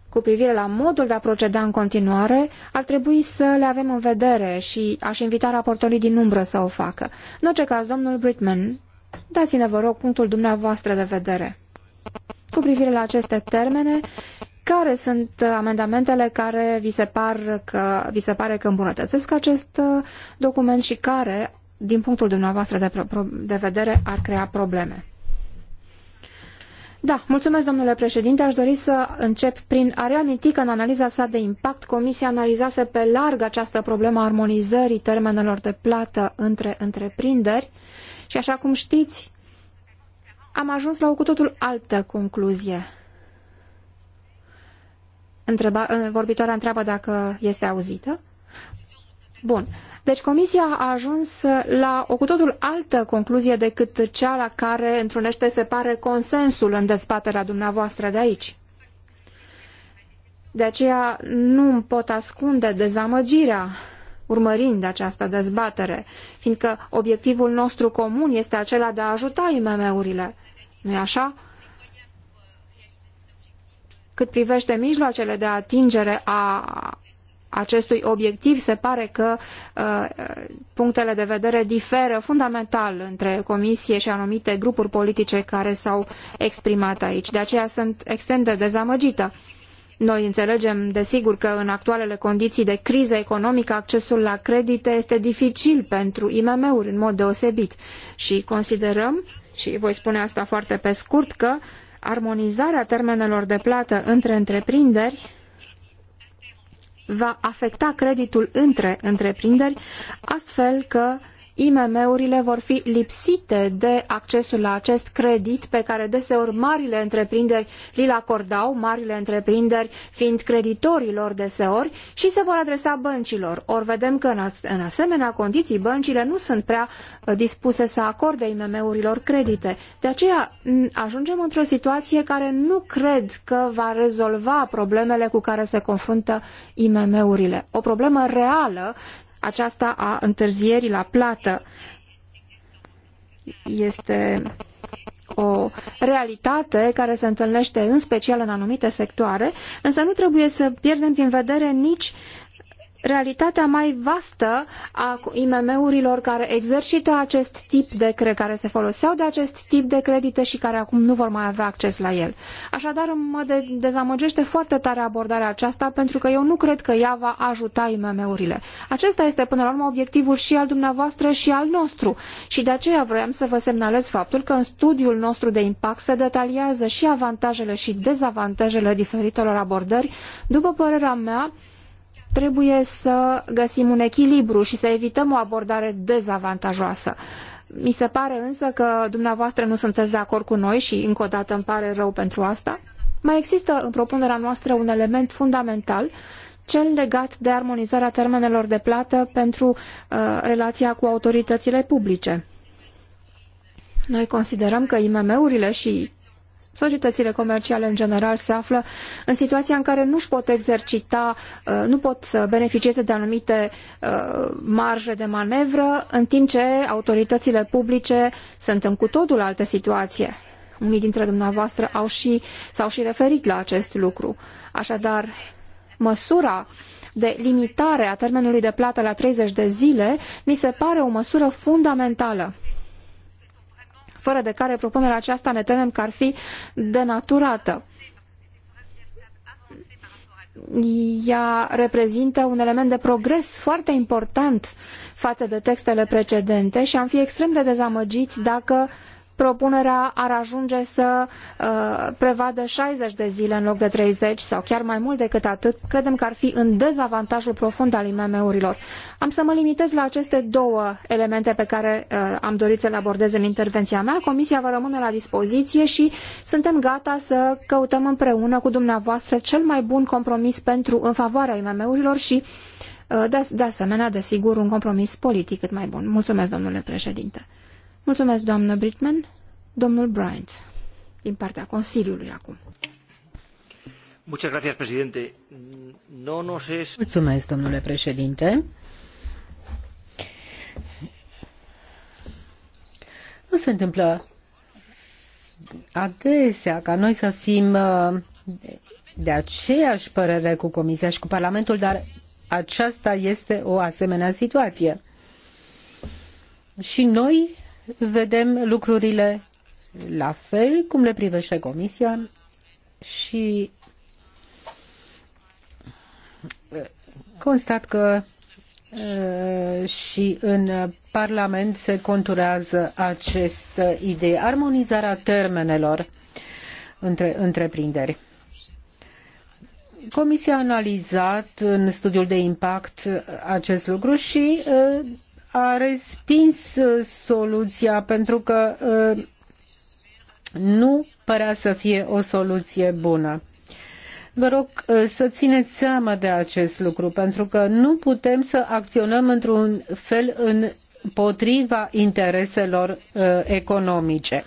Speaker 2: cu privire la modul de a proceda în continuare, ar trebui să le avem în vedere și aș invita raportorii din umbră să o facă. În orice caz, domnul Britman, dați-ne, vă rog, punctul dumneavoastră de vedere. Cu privire la aceste termene, care sunt amendamentele care vi se, par că, vi se pare că îmbunătățesc acest uh, document și care din punctul dumneavoastră de, de vedere, ar crea probleme. Da, mulțumesc, domnule președinte. Aș dori să încep prin a reaminti că în analiza sa de impact, Comisia analizase pe larg această problemă a armonizării termenelor de plată între întreprinderi și, așa cum știți, am ajuns la o cu totul altă concluzie. Întreba, vorbitoarea întreabă dacă este auzită. Bun. Deci Comisia a ajuns la o cu totul altă concluzie decât cea la care întrunește, se pare, consensul în dezbaterea dumneavoastră de aici. De aceea nu îmi pot ascunde dezamăgirea urmărind această dezbatere, fiindcă obiectivul nostru comun este acela de a ajuta IMM-urile. Nu-i așa? Cât privește mijloacele de atingere a acestui obiectiv, se pare că uh, punctele de vedere diferă fundamental între Comisie și anumite grupuri politice care s-au exprimat aici. De aceea sunt extrem de dezamăgită. Noi înțelegem, desigur, că în actualele condiții de criză economică accesul la credite este dificil pentru IMM-uri în mod deosebit și considerăm, și voi spune asta foarte pe scurt, că armonizarea termenelor de plată între întreprinderi va afecta creditul între întreprinderi, astfel că IMM-urile vor fi lipsite de accesul la acest credit pe care deseori marile întreprinderi li-l acordau, marile întreprinderi fiind creditorilor deseori și se vor adresa băncilor. Ori vedem că în asemenea condiții băncile nu sunt prea uh, dispuse să acorde IMM-urilor credite. De aceea ajungem într-o situație care nu cred că va rezolva problemele cu care se confruntă IMM-urile. O problemă reală aceasta a întârzierii la plată este o realitate care se întâlnește în special în anumite sectoare, însă nu trebuie să pierdem din vedere nici uh, realitatea mai vastă a IMM-urilor care exercită acest tip de cred, care se foloseau de acest tip de credite și care acum nu vor mai avea acces la el. Așadar, mă de dezamăgește foarte tare abordarea aceasta pentru că eu nu cred că ea va ajuta IMM-urile. Acesta este până la urmă obiectivul și al dumneavoastră și al nostru. Și de aceea vroiam să vă semnalez faptul că în studiul nostru de impact se detaliază și avantajele și dezavantajele diferitelor abordări. După părerea mea, trebuie să găsim un echilibru și să evităm o abordare dezavantajoasă. Mi se pare însă că dumneavoastră nu sunteți de acord cu noi și încă o dată îmi pare rău pentru asta. Mai există în propunerea noastră un element fundamental, cel legat de armonizarea termenelor de plată pentru uh, relația cu autoritățile publice. Noi considerăm că IMM-urile și societățile comerciale în general se află în situația în care nu își pot exercita, uh, nu pot să beneficieze de anumite uh, marje de manevră, în timp ce autoritățile publice sunt în cu totul altă situație. Unii dintre dumneavoastră au și, s-au și referit la acest lucru. Așadar, măsura de limitare a termenului de plată la 30 de zile mi se pare o măsură fundamentală fără de care propunerea aceasta ne temem că ar fi denaturată ea reprezintă un element de progres foarte important față de textele precedente și am fi extrem de dezamăgiți dacă uh, propunerea ar ajunge să uh, prevadă 60 de zile în loc de 30 sau chiar mai mult decât atât, credem că ar fi în dezavantajul profund al IMM-urilor. Am să mă limitez la aceste două elemente pe care uh, am dorit să le abordez în intervenția mea. Comisia vă rămâne la dispoziție și suntem gata să căutăm împreună cu dumneavoastră cel mai bun compromis pentru în favoarea IMM-urilor și uh, de, de asemenea, desigur, un compromis politic cât mai bun. Mulțumesc, domnule președinte. Mulțumesc, doamnă Britman. Domnul Bryant, din partea Consiliului acum.
Speaker 1: Mulțumesc, domnule președinte. Nu se întâmplă adesea ca noi să fim uh, de aceeași părere cu Comisia și cu Parlamentul, dar aceasta este o asemenea situație. Și noi vedem lucrurile la fel cum le privește Comisia și uh, constat că uh, și în Parlament se conturează această idee, armonizarea termenelor între întreprinderi. Comisia a analizat în studiul de impact acest lucru și uh, a respins uh, soluția pentru că uh, nu părea să fie o soluție bună. Vă rog uh, să țineți seama de acest lucru, pentru că nu putem să acționăm într-un fel în potriva intereselor uh, economice.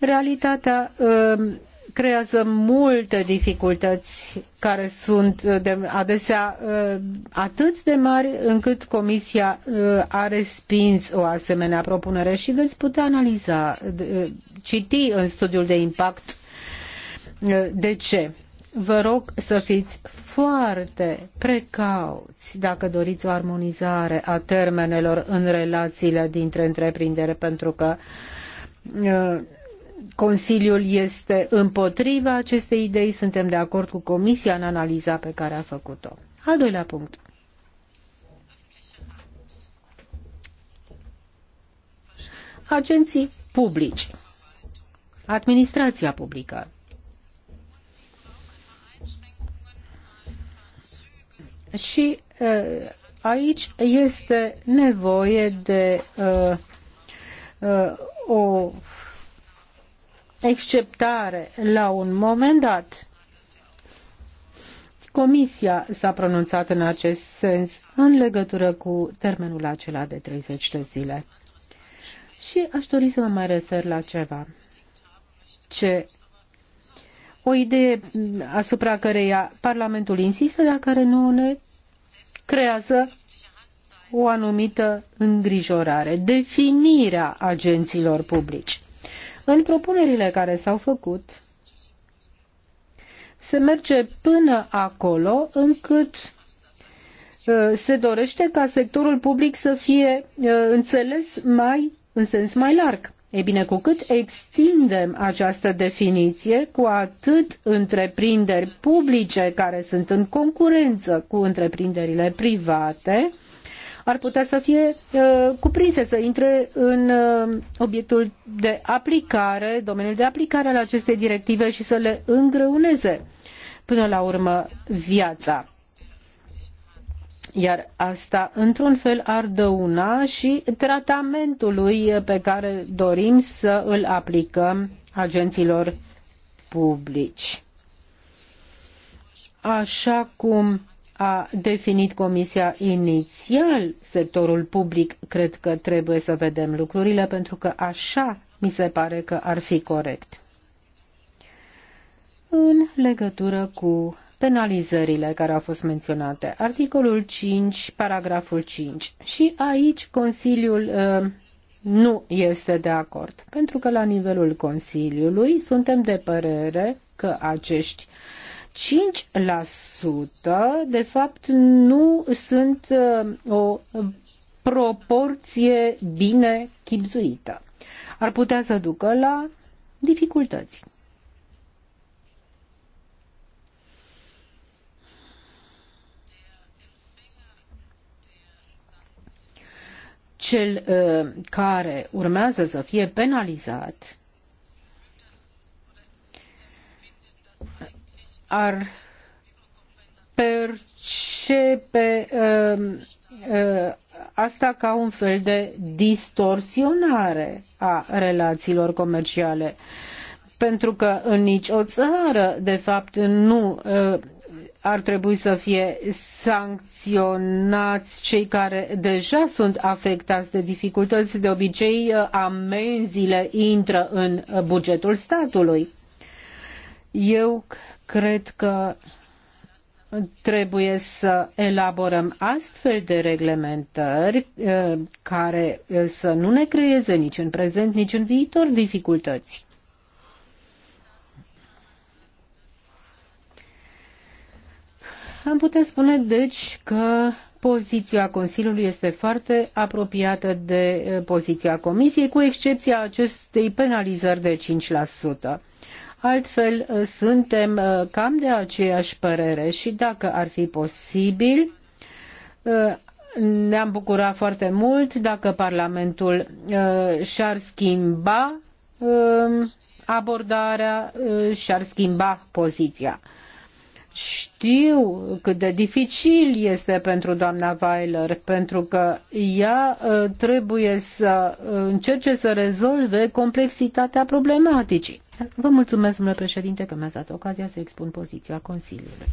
Speaker 1: Realitatea uh, creează multe dificultăți care sunt uh, de, adesea uh, atât de mari încât Comisia uh, a respins o asemenea propunere și veți putea analiza, citi în studiul de impact de ce. Vă rog să fiți foarte precauți dacă doriți o armonizare a termenelor în relațiile dintre întreprinderi, pentru că Consiliul este împotriva acestei idei, suntem de acord cu Comisia în analiza pe care a făcut-o. Al doilea punct. Agenții publici. Administrația publică. Și uh, aici este nevoie de uh, uh, o exceptare la un moment dat. Comisia s-a pronunțat în acest sens în legătură cu termenul acela de 30 de zile. Și aș dori să mă mai refer la ceva. Ce o idee asupra căreia Parlamentul insistă, dar care nu ne creează o anumită îngrijorare. Definirea agenților publici. În propunerile care s-au făcut, se merge până acolo încât uh, se dorește ca sectorul public să fie uh, înțeles mai în sens mai larg. Ei bine, cu cât extindem această definiție, cu atât întreprinderi publice care sunt în concurență cu întreprinderile private, ar putea să fie uh, cuprinse, să intre în uh, obiectul de aplicare, domeniul de aplicare al acestei directive și să le îngreuneze până la urmă viața. Iar asta, într-un fel, ar dăuna și tratamentului pe care dorim să îl aplicăm agenților publici. Așa cum a definit Comisia inițial sectorul public, cred că trebuie să vedem lucrurile, pentru că așa mi se pare că ar fi corect. În legătură cu penalizările care au fost menționate, articolul 5, paragraful 5. Și aici Consiliul uh, nu este de acord, pentru că la nivelul Consiliului suntem de părere că acești uh, de fapt nu sunt uh, o proporție bine chipzuită. Ar putea să ducă la dificultăți. Cel uh, care urmează să fie penalizat ar percepe uh, uh, asta ca un fel de distorsionare a relațiilor comerciale. Pentru că în nicio țară, de fapt, nu uh, ar trebui să fie sancționați cei care deja sunt afectați de dificultăți. De obicei, uh, amenziile intră în uh, bugetul statului. Eu cred că trebuie să elaborăm astfel de reglementări eh, care eh, să nu ne creeze nici în prezent, nici în viitor dificultăți. Am putea spune, deci, că poziția Consiliului este foarte apropiată de eh, poziția Comisiei, cu excepția acestei penalizări de 5%. Altfel, ă, suntem ă, cam de aceeași părere și dacă ar fi posibil, ă, ne-am bucurat foarte mult dacă Parlamentul și-ar schimba abordarea și-ar schimba poziția. Știu cât de dificil este pentru doamna Weiler, pentru că ea trebuie să încerce să rezolve complexitatea problematicii. Vă mulțumesc, domnule președinte, că mi-ați dat ocazia să expun poziția Consiliului.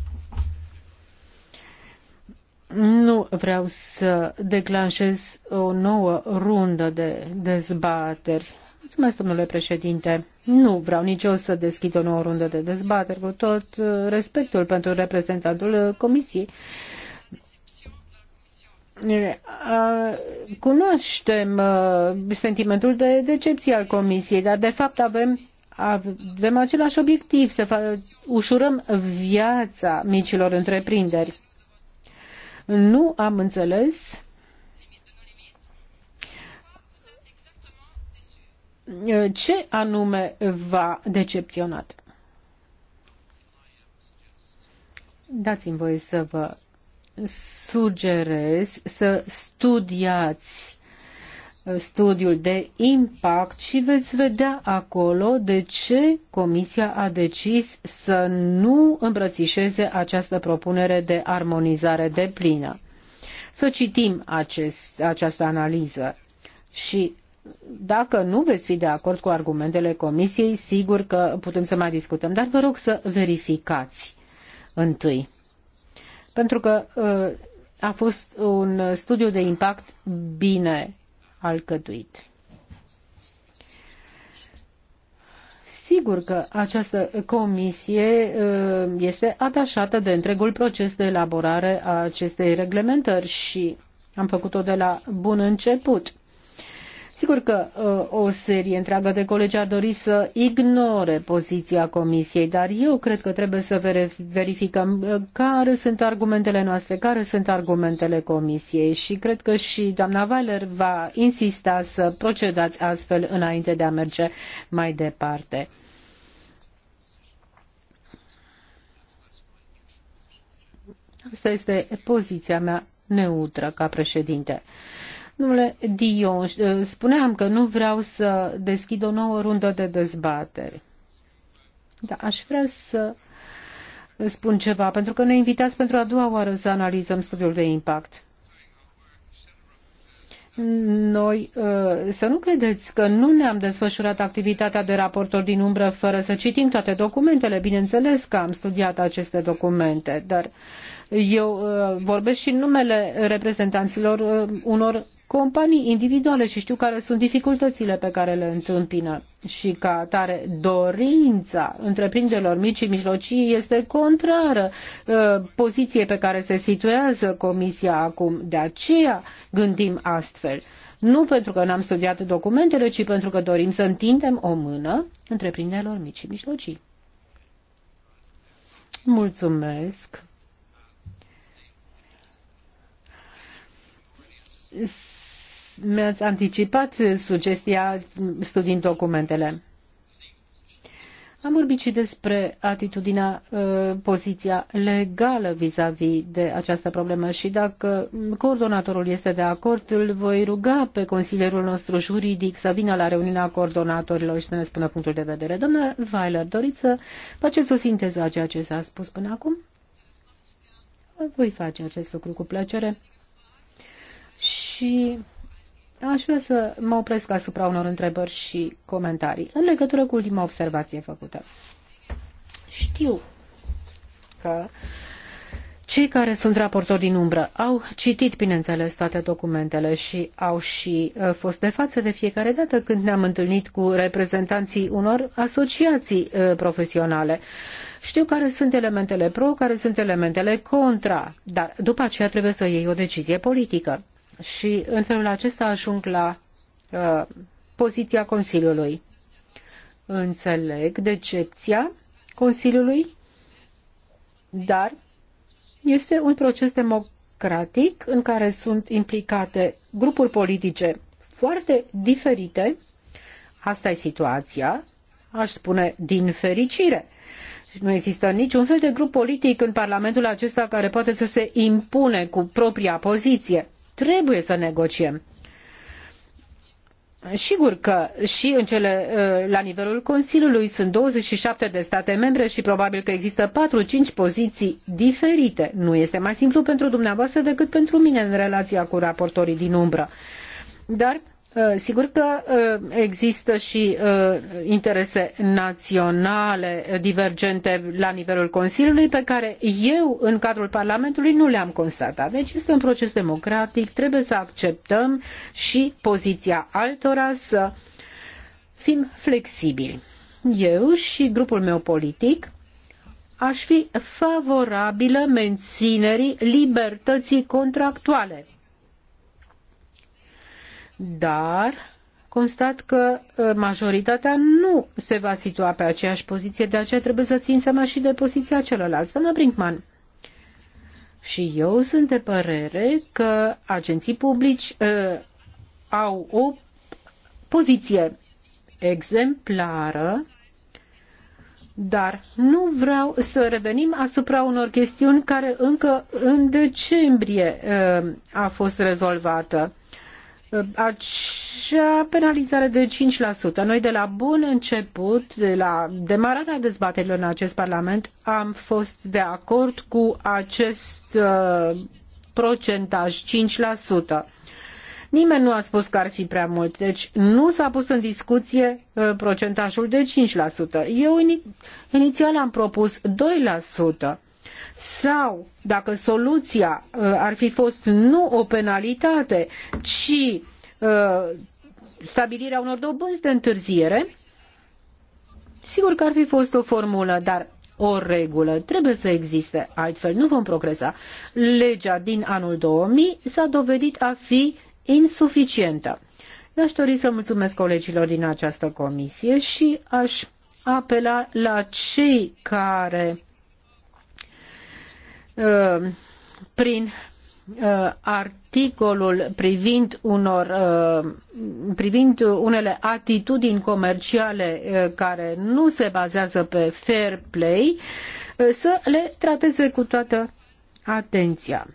Speaker 1: Nu vreau să declanșez o nouă rundă de dezbateri. Mulțumesc, domnule președinte. Nu vreau nici eu să deschid o nouă rundă de dezbateri, cu tot uh, respectul pentru reprezentantul uh, Comisiei. Cunoaștem uh, sentimentul de decepție al Comisiei, dar de fapt avem avem același obiectiv, să ușurăm viața micilor întreprinderi. Nu am înțeles ce anume va decepționat. Dați-mi voie să vă sugerez să studiați studiul de impact și veți vedea acolo de ce Comisia a decis să nu îmbrățișeze această propunere de armonizare de plină. Să citim acest, această analiză și dacă nu veți fi de acord cu argumentele Comisiei, sigur că putem să mai discutăm, dar vă rog să verificați întâi. Pentru că uh, a fost un studiu de impact bine alcătuit. Sigur că această comisie uh, este atașată de întregul proces de elaborare a acestei reglementări și am făcut-o de la bun început. Sigur că uh, o serie întreagă de colegi ar dori să ignore poziția Comisiei, dar eu cred că trebuie să verificăm uh, care sunt argumentele noastre, care sunt argumentele Comisiei și cred că și doamna Weiler va insista să procedați astfel înainte de a merge mai departe. Asta este poziția mea neutră ca președinte. Domnule Dion, eh, spuneam că nu vreau să deschid o nouă rundă de dezbateri. Dar aș vrea să spun ceva, pentru că ne invitați pentru a doua oară să analizăm studiul de impact. Noi eh, să nu credeți că nu ne-am desfășurat activitatea de raportor din umbră fără să citim toate documentele. Bineînțeles că am studiat aceste documente, dar eu uh, vorbesc și în numele reprezentanților uh, unor companii individuale și știu care sunt dificultățile pe care le întâmpină. Și ca atare, dorința întreprinderilor mici și mijlocii este contrară uh, poziției pe care se situează Comisia acum. De aceea gândim astfel. Nu pentru că n-am studiat documentele, ci pentru că dorim să întindem o mână întreprinderilor mici și mijlocii. Mulțumesc. mi-ați anticipat sugestia studiind documentele. Am vorbit și despre atitudinea, ă, poziția legală vis-a-vis -vis de această problemă și dacă coordonatorul este de acord, îl voi ruga pe consilierul nostru juridic să vină la reuniunea coordonatorilor și să ne spună punctul de vedere. Doamna Weiler, doriți să faceți o sinteză a ceea ce s-a spus până acum? Voi face acest lucru cu plăcere și aș vrea să mă opresc asupra unor întrebări și comentarii în legătură cu ultima observație făcută. Știu că cei care sunt raportori din umbră au citit, bineînțeles, toate documentele și au și uh, fost de față de fiecare dată când ne-am întâlnit cu reprezentanții unor asociații uh, profesionale. Știu care sunt elementele pro, care sunt elementele contra, dar după aceea trebuie să iei o decizie politică și în felul acesta ajung la uh, poziția Consiliului. Înțeleg decepția Consiliului, dar este un proces democratic în care sunt implicate grupuri politice foarte diferite. Asta e situația, aș spune, din fericire. Nu există niciun fel de grup politic în Parlamentul acesta care poate să se impune cu propria poziție. Trebuie să negociem. Sigur că și în cele, uh, la nivelul Consiliului sunt 27 de state membre și probabil că există 4-5 poziții diferite. Nu este mai simplu pentru dumneavoastră decât pentru mine în relația cu raportorii din umbră. Dar Uh, sigur că uh, există și uh, interese naționale divergente la nivelul Consiliului pe care eu în cadrul Parlamentului nu le-am constatat. Deci este un proces democratic, trebuie să acceptăm și poziția altora să fim flexibili. Eu și grupul meu politic aș fi favorabilă menținerii libertății contractuale dar constat că uh, majoritatea nu se va situa pe aceeași poziție, de aceea trebuie să țin seama și de poziția celălalt. Să mă Brinkman. Și eu sunt de părere că agenții publici uh, au o poziție exemplară, dar nu vreau să revenim asupra unor chestiuni care încă în decembrie uh, a fost rezolvată acea penalizare de 5%. Noi de la bun început, de la demararea dezbaterilor în acest Parlament, am fost de acord cu acest uh, procentaj 5%. Nimeni nu a spus că ar fi prea mult, deci nu s-a pus în discuție uh, procentajul de 5%. Eu ini- inițial am propus 2%. Sau, dacă soluția uh, ar fi fost nu o penalitate, ci uh, stabilirea unor dobânzi de întârziere, sigur că ar fi fost o formulă, dar o regulă trebuie să existe, altfel nu vom progresa. Legea din anul 2000 s-a dovedit a fi insuficientă. Eu aș dori să mulțumesc colegilor din această comisie și aș apela la cei care Uh, prin uh, articolul privind, unor, uh, privind unele atitudini comerciale care nu se bazează pe fair play, să le trateze cu toată atenția.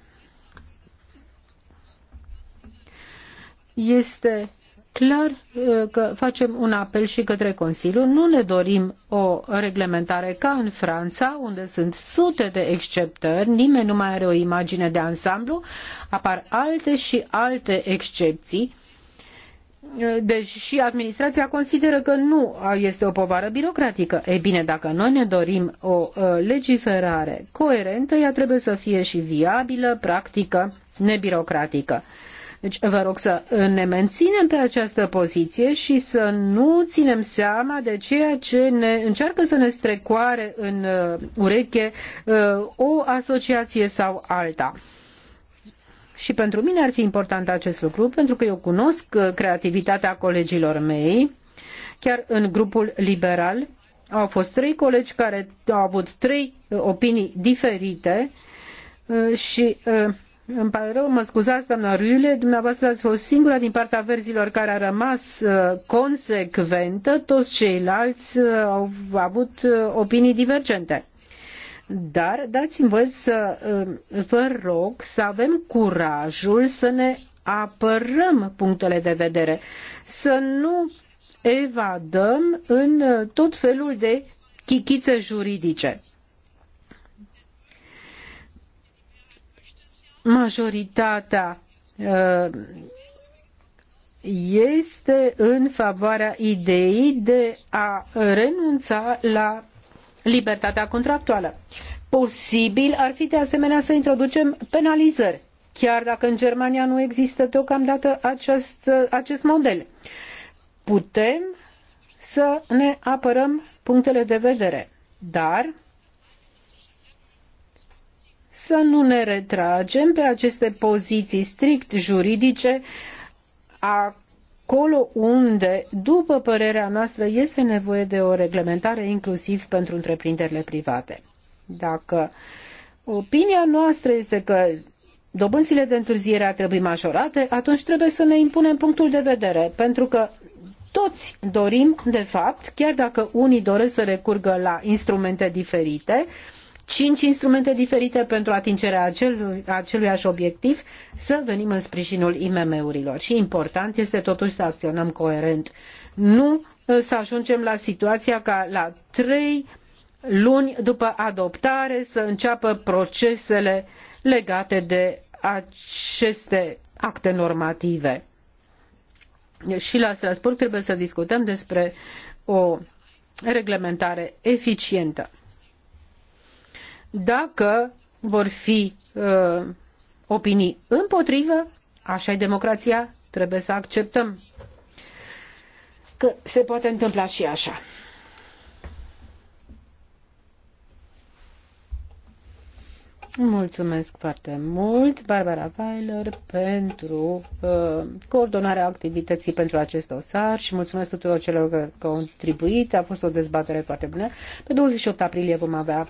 Speaker 1: Este clar uh, că facem un apel și către Consiliu. Nu ne dorim o reglementare ca în Franța, unde sunt sute de exceptări, nimeni nu mai are o imagine de ansamblu, apar alte și alte excepții. Uh, deci și administrația consideră că nu este o povară birocratică. E bine, dacă noi ne dorim o uh, legiferare coerentă, ea trebuie să fie și viabilă, practică, nebirocratică. Deci vă rog să ne menținem pe această poziție și să nu ținem seama de ceea ce ne încearcă să ne strecoare în uh, ureche uh, o asociație sau alta. Și pentru mine ar fi important acest lucru, pentru că eu cunosc uh, creativitatea colegilor mei, chiar în grupul liberal. Au fost trei colegi care au avut trei opinii diferite și îmi pare rău, mă scuzați, doamna Riule, dumneavoastră ați fost singura din partea verzilor care a rămas uh, consecventă, toți ceilalți uh, au avut uh, opinii divergente. Dar dați-mi voi să uh, vă rog să avem curajul să ne apărăm punctele de vedere, să nu evadăm în uh, tot felul de chichițe juridice. majoritatea uh, este în favoarea ideii de a renunța la libertatea contractuală. Posibil ar fi de asemenea să introducem penalizări, chiar dacă în Germania nu există deocamdată acest, acest model. Putem să ne apărăm punctele de vedere, dar să nu ne retragem pe aceste poziții strict juridice acolo unde, după părerea noastră, este nevoie de o reglementare inclusiv pentru întreprinderile private. Dacă opinia noastră este că dobânzile de întârziere ar trebui majorate, atunci trebuie să ne impunem punctul de vedere, pentru că toți dorim, de fapt, chiar dacă unii doresc să recurgă la instrumente diferite, uh, cinci instrumente diferite pentru atingerea acelui, aceluiași obiectiv, să venim în sprijinul IMM-urilor. Și important este totuși să acționăm coerent. Nu uh, să ajungem la situația ca la trei luni după adoptare să înceapă procesele legate de aceste acte normative. Și la Strasbourg trebuie să discutăm despre o reglementare eficientă. Dacă vor fi uh, opinii împotrivă, așa e democrația, trebuie să acceptăm că se poate întâmpla și așa.
Speaker 3: Mulțumesc
Speaker 1: foarte mult, Barbara Weiler, pentru uh, coordonarea activității pentru acest dosar și mulțumesc tuturor celor care au contribuit. A fost o dezbatere foarte bună. Pe 28 aprilie vom avea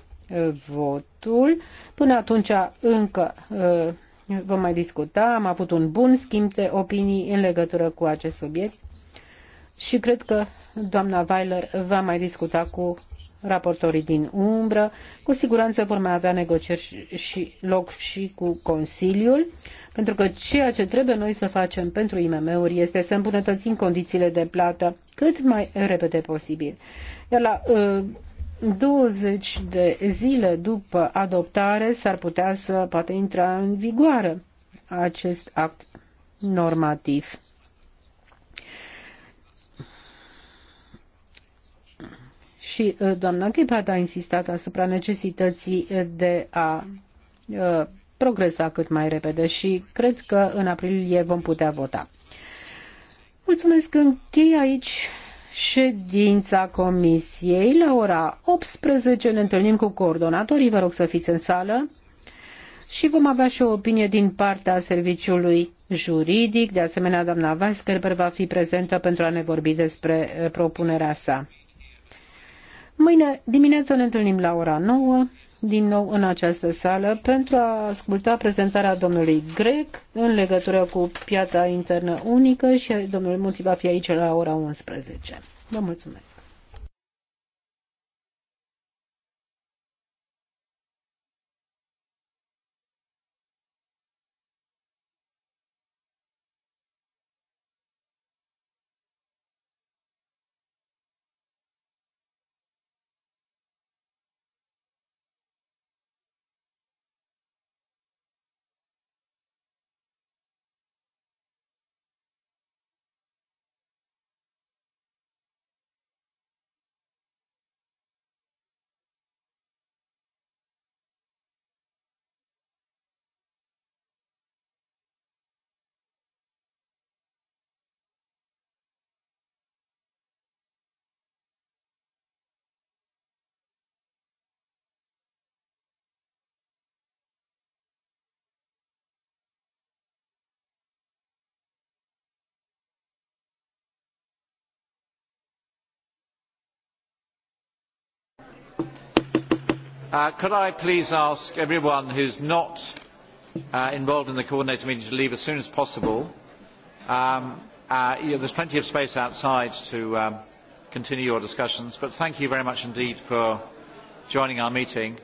Speaker 1: votul. Până atunci încă uh, vom mai discuta. Am avut un bun schimb de opinii în legătură cu acest subiect și cred că doamna Weiler va mai discuta cu raportorii din umbră. Cu siguranță vor mai avea negocieri și loc și cu Consiliul, pentru că ceea ce trebuie noi să facem pentru IMM-uri este să îmbunătățim condițiile de plată cât mai repede posibil. Iar la uh, 20 de zile după adoptare s-ar putea să poate intra în vigoare acest act normativ. Și uh, doamna Ghebhardt a insistat asupra necesității de a uh, progresa cât mai repede și cred că în aprilie vom putea vota. Mulțumesc, închei aici ședința comisiei la ora 18. Ne întâlnim cu coordonatorii, vă rog să fiți în sală și vom avea și o opinie din partea serviciului juridic. De asemenea, doamna Vasker va fi prezentă pentru a ne vorbi despre eh, propunerea sa. Mâine dimineață ne întâlnim la ora 9 din nou în această sală pentru a asculta prezentarea domnului Grec în legătură cu piața internă unică și domnul Muții va fi aici la ora 11. Vă mulțumesc!
Speaker 2: Uh, could I please ask everyone who is not uh, involved in the coordinator meeting to leave as soon as possible? Um, uh, There is plenty of space outside to um, continue your discussions, but thank you very much
Speaker 1: indeed for joining our meeting.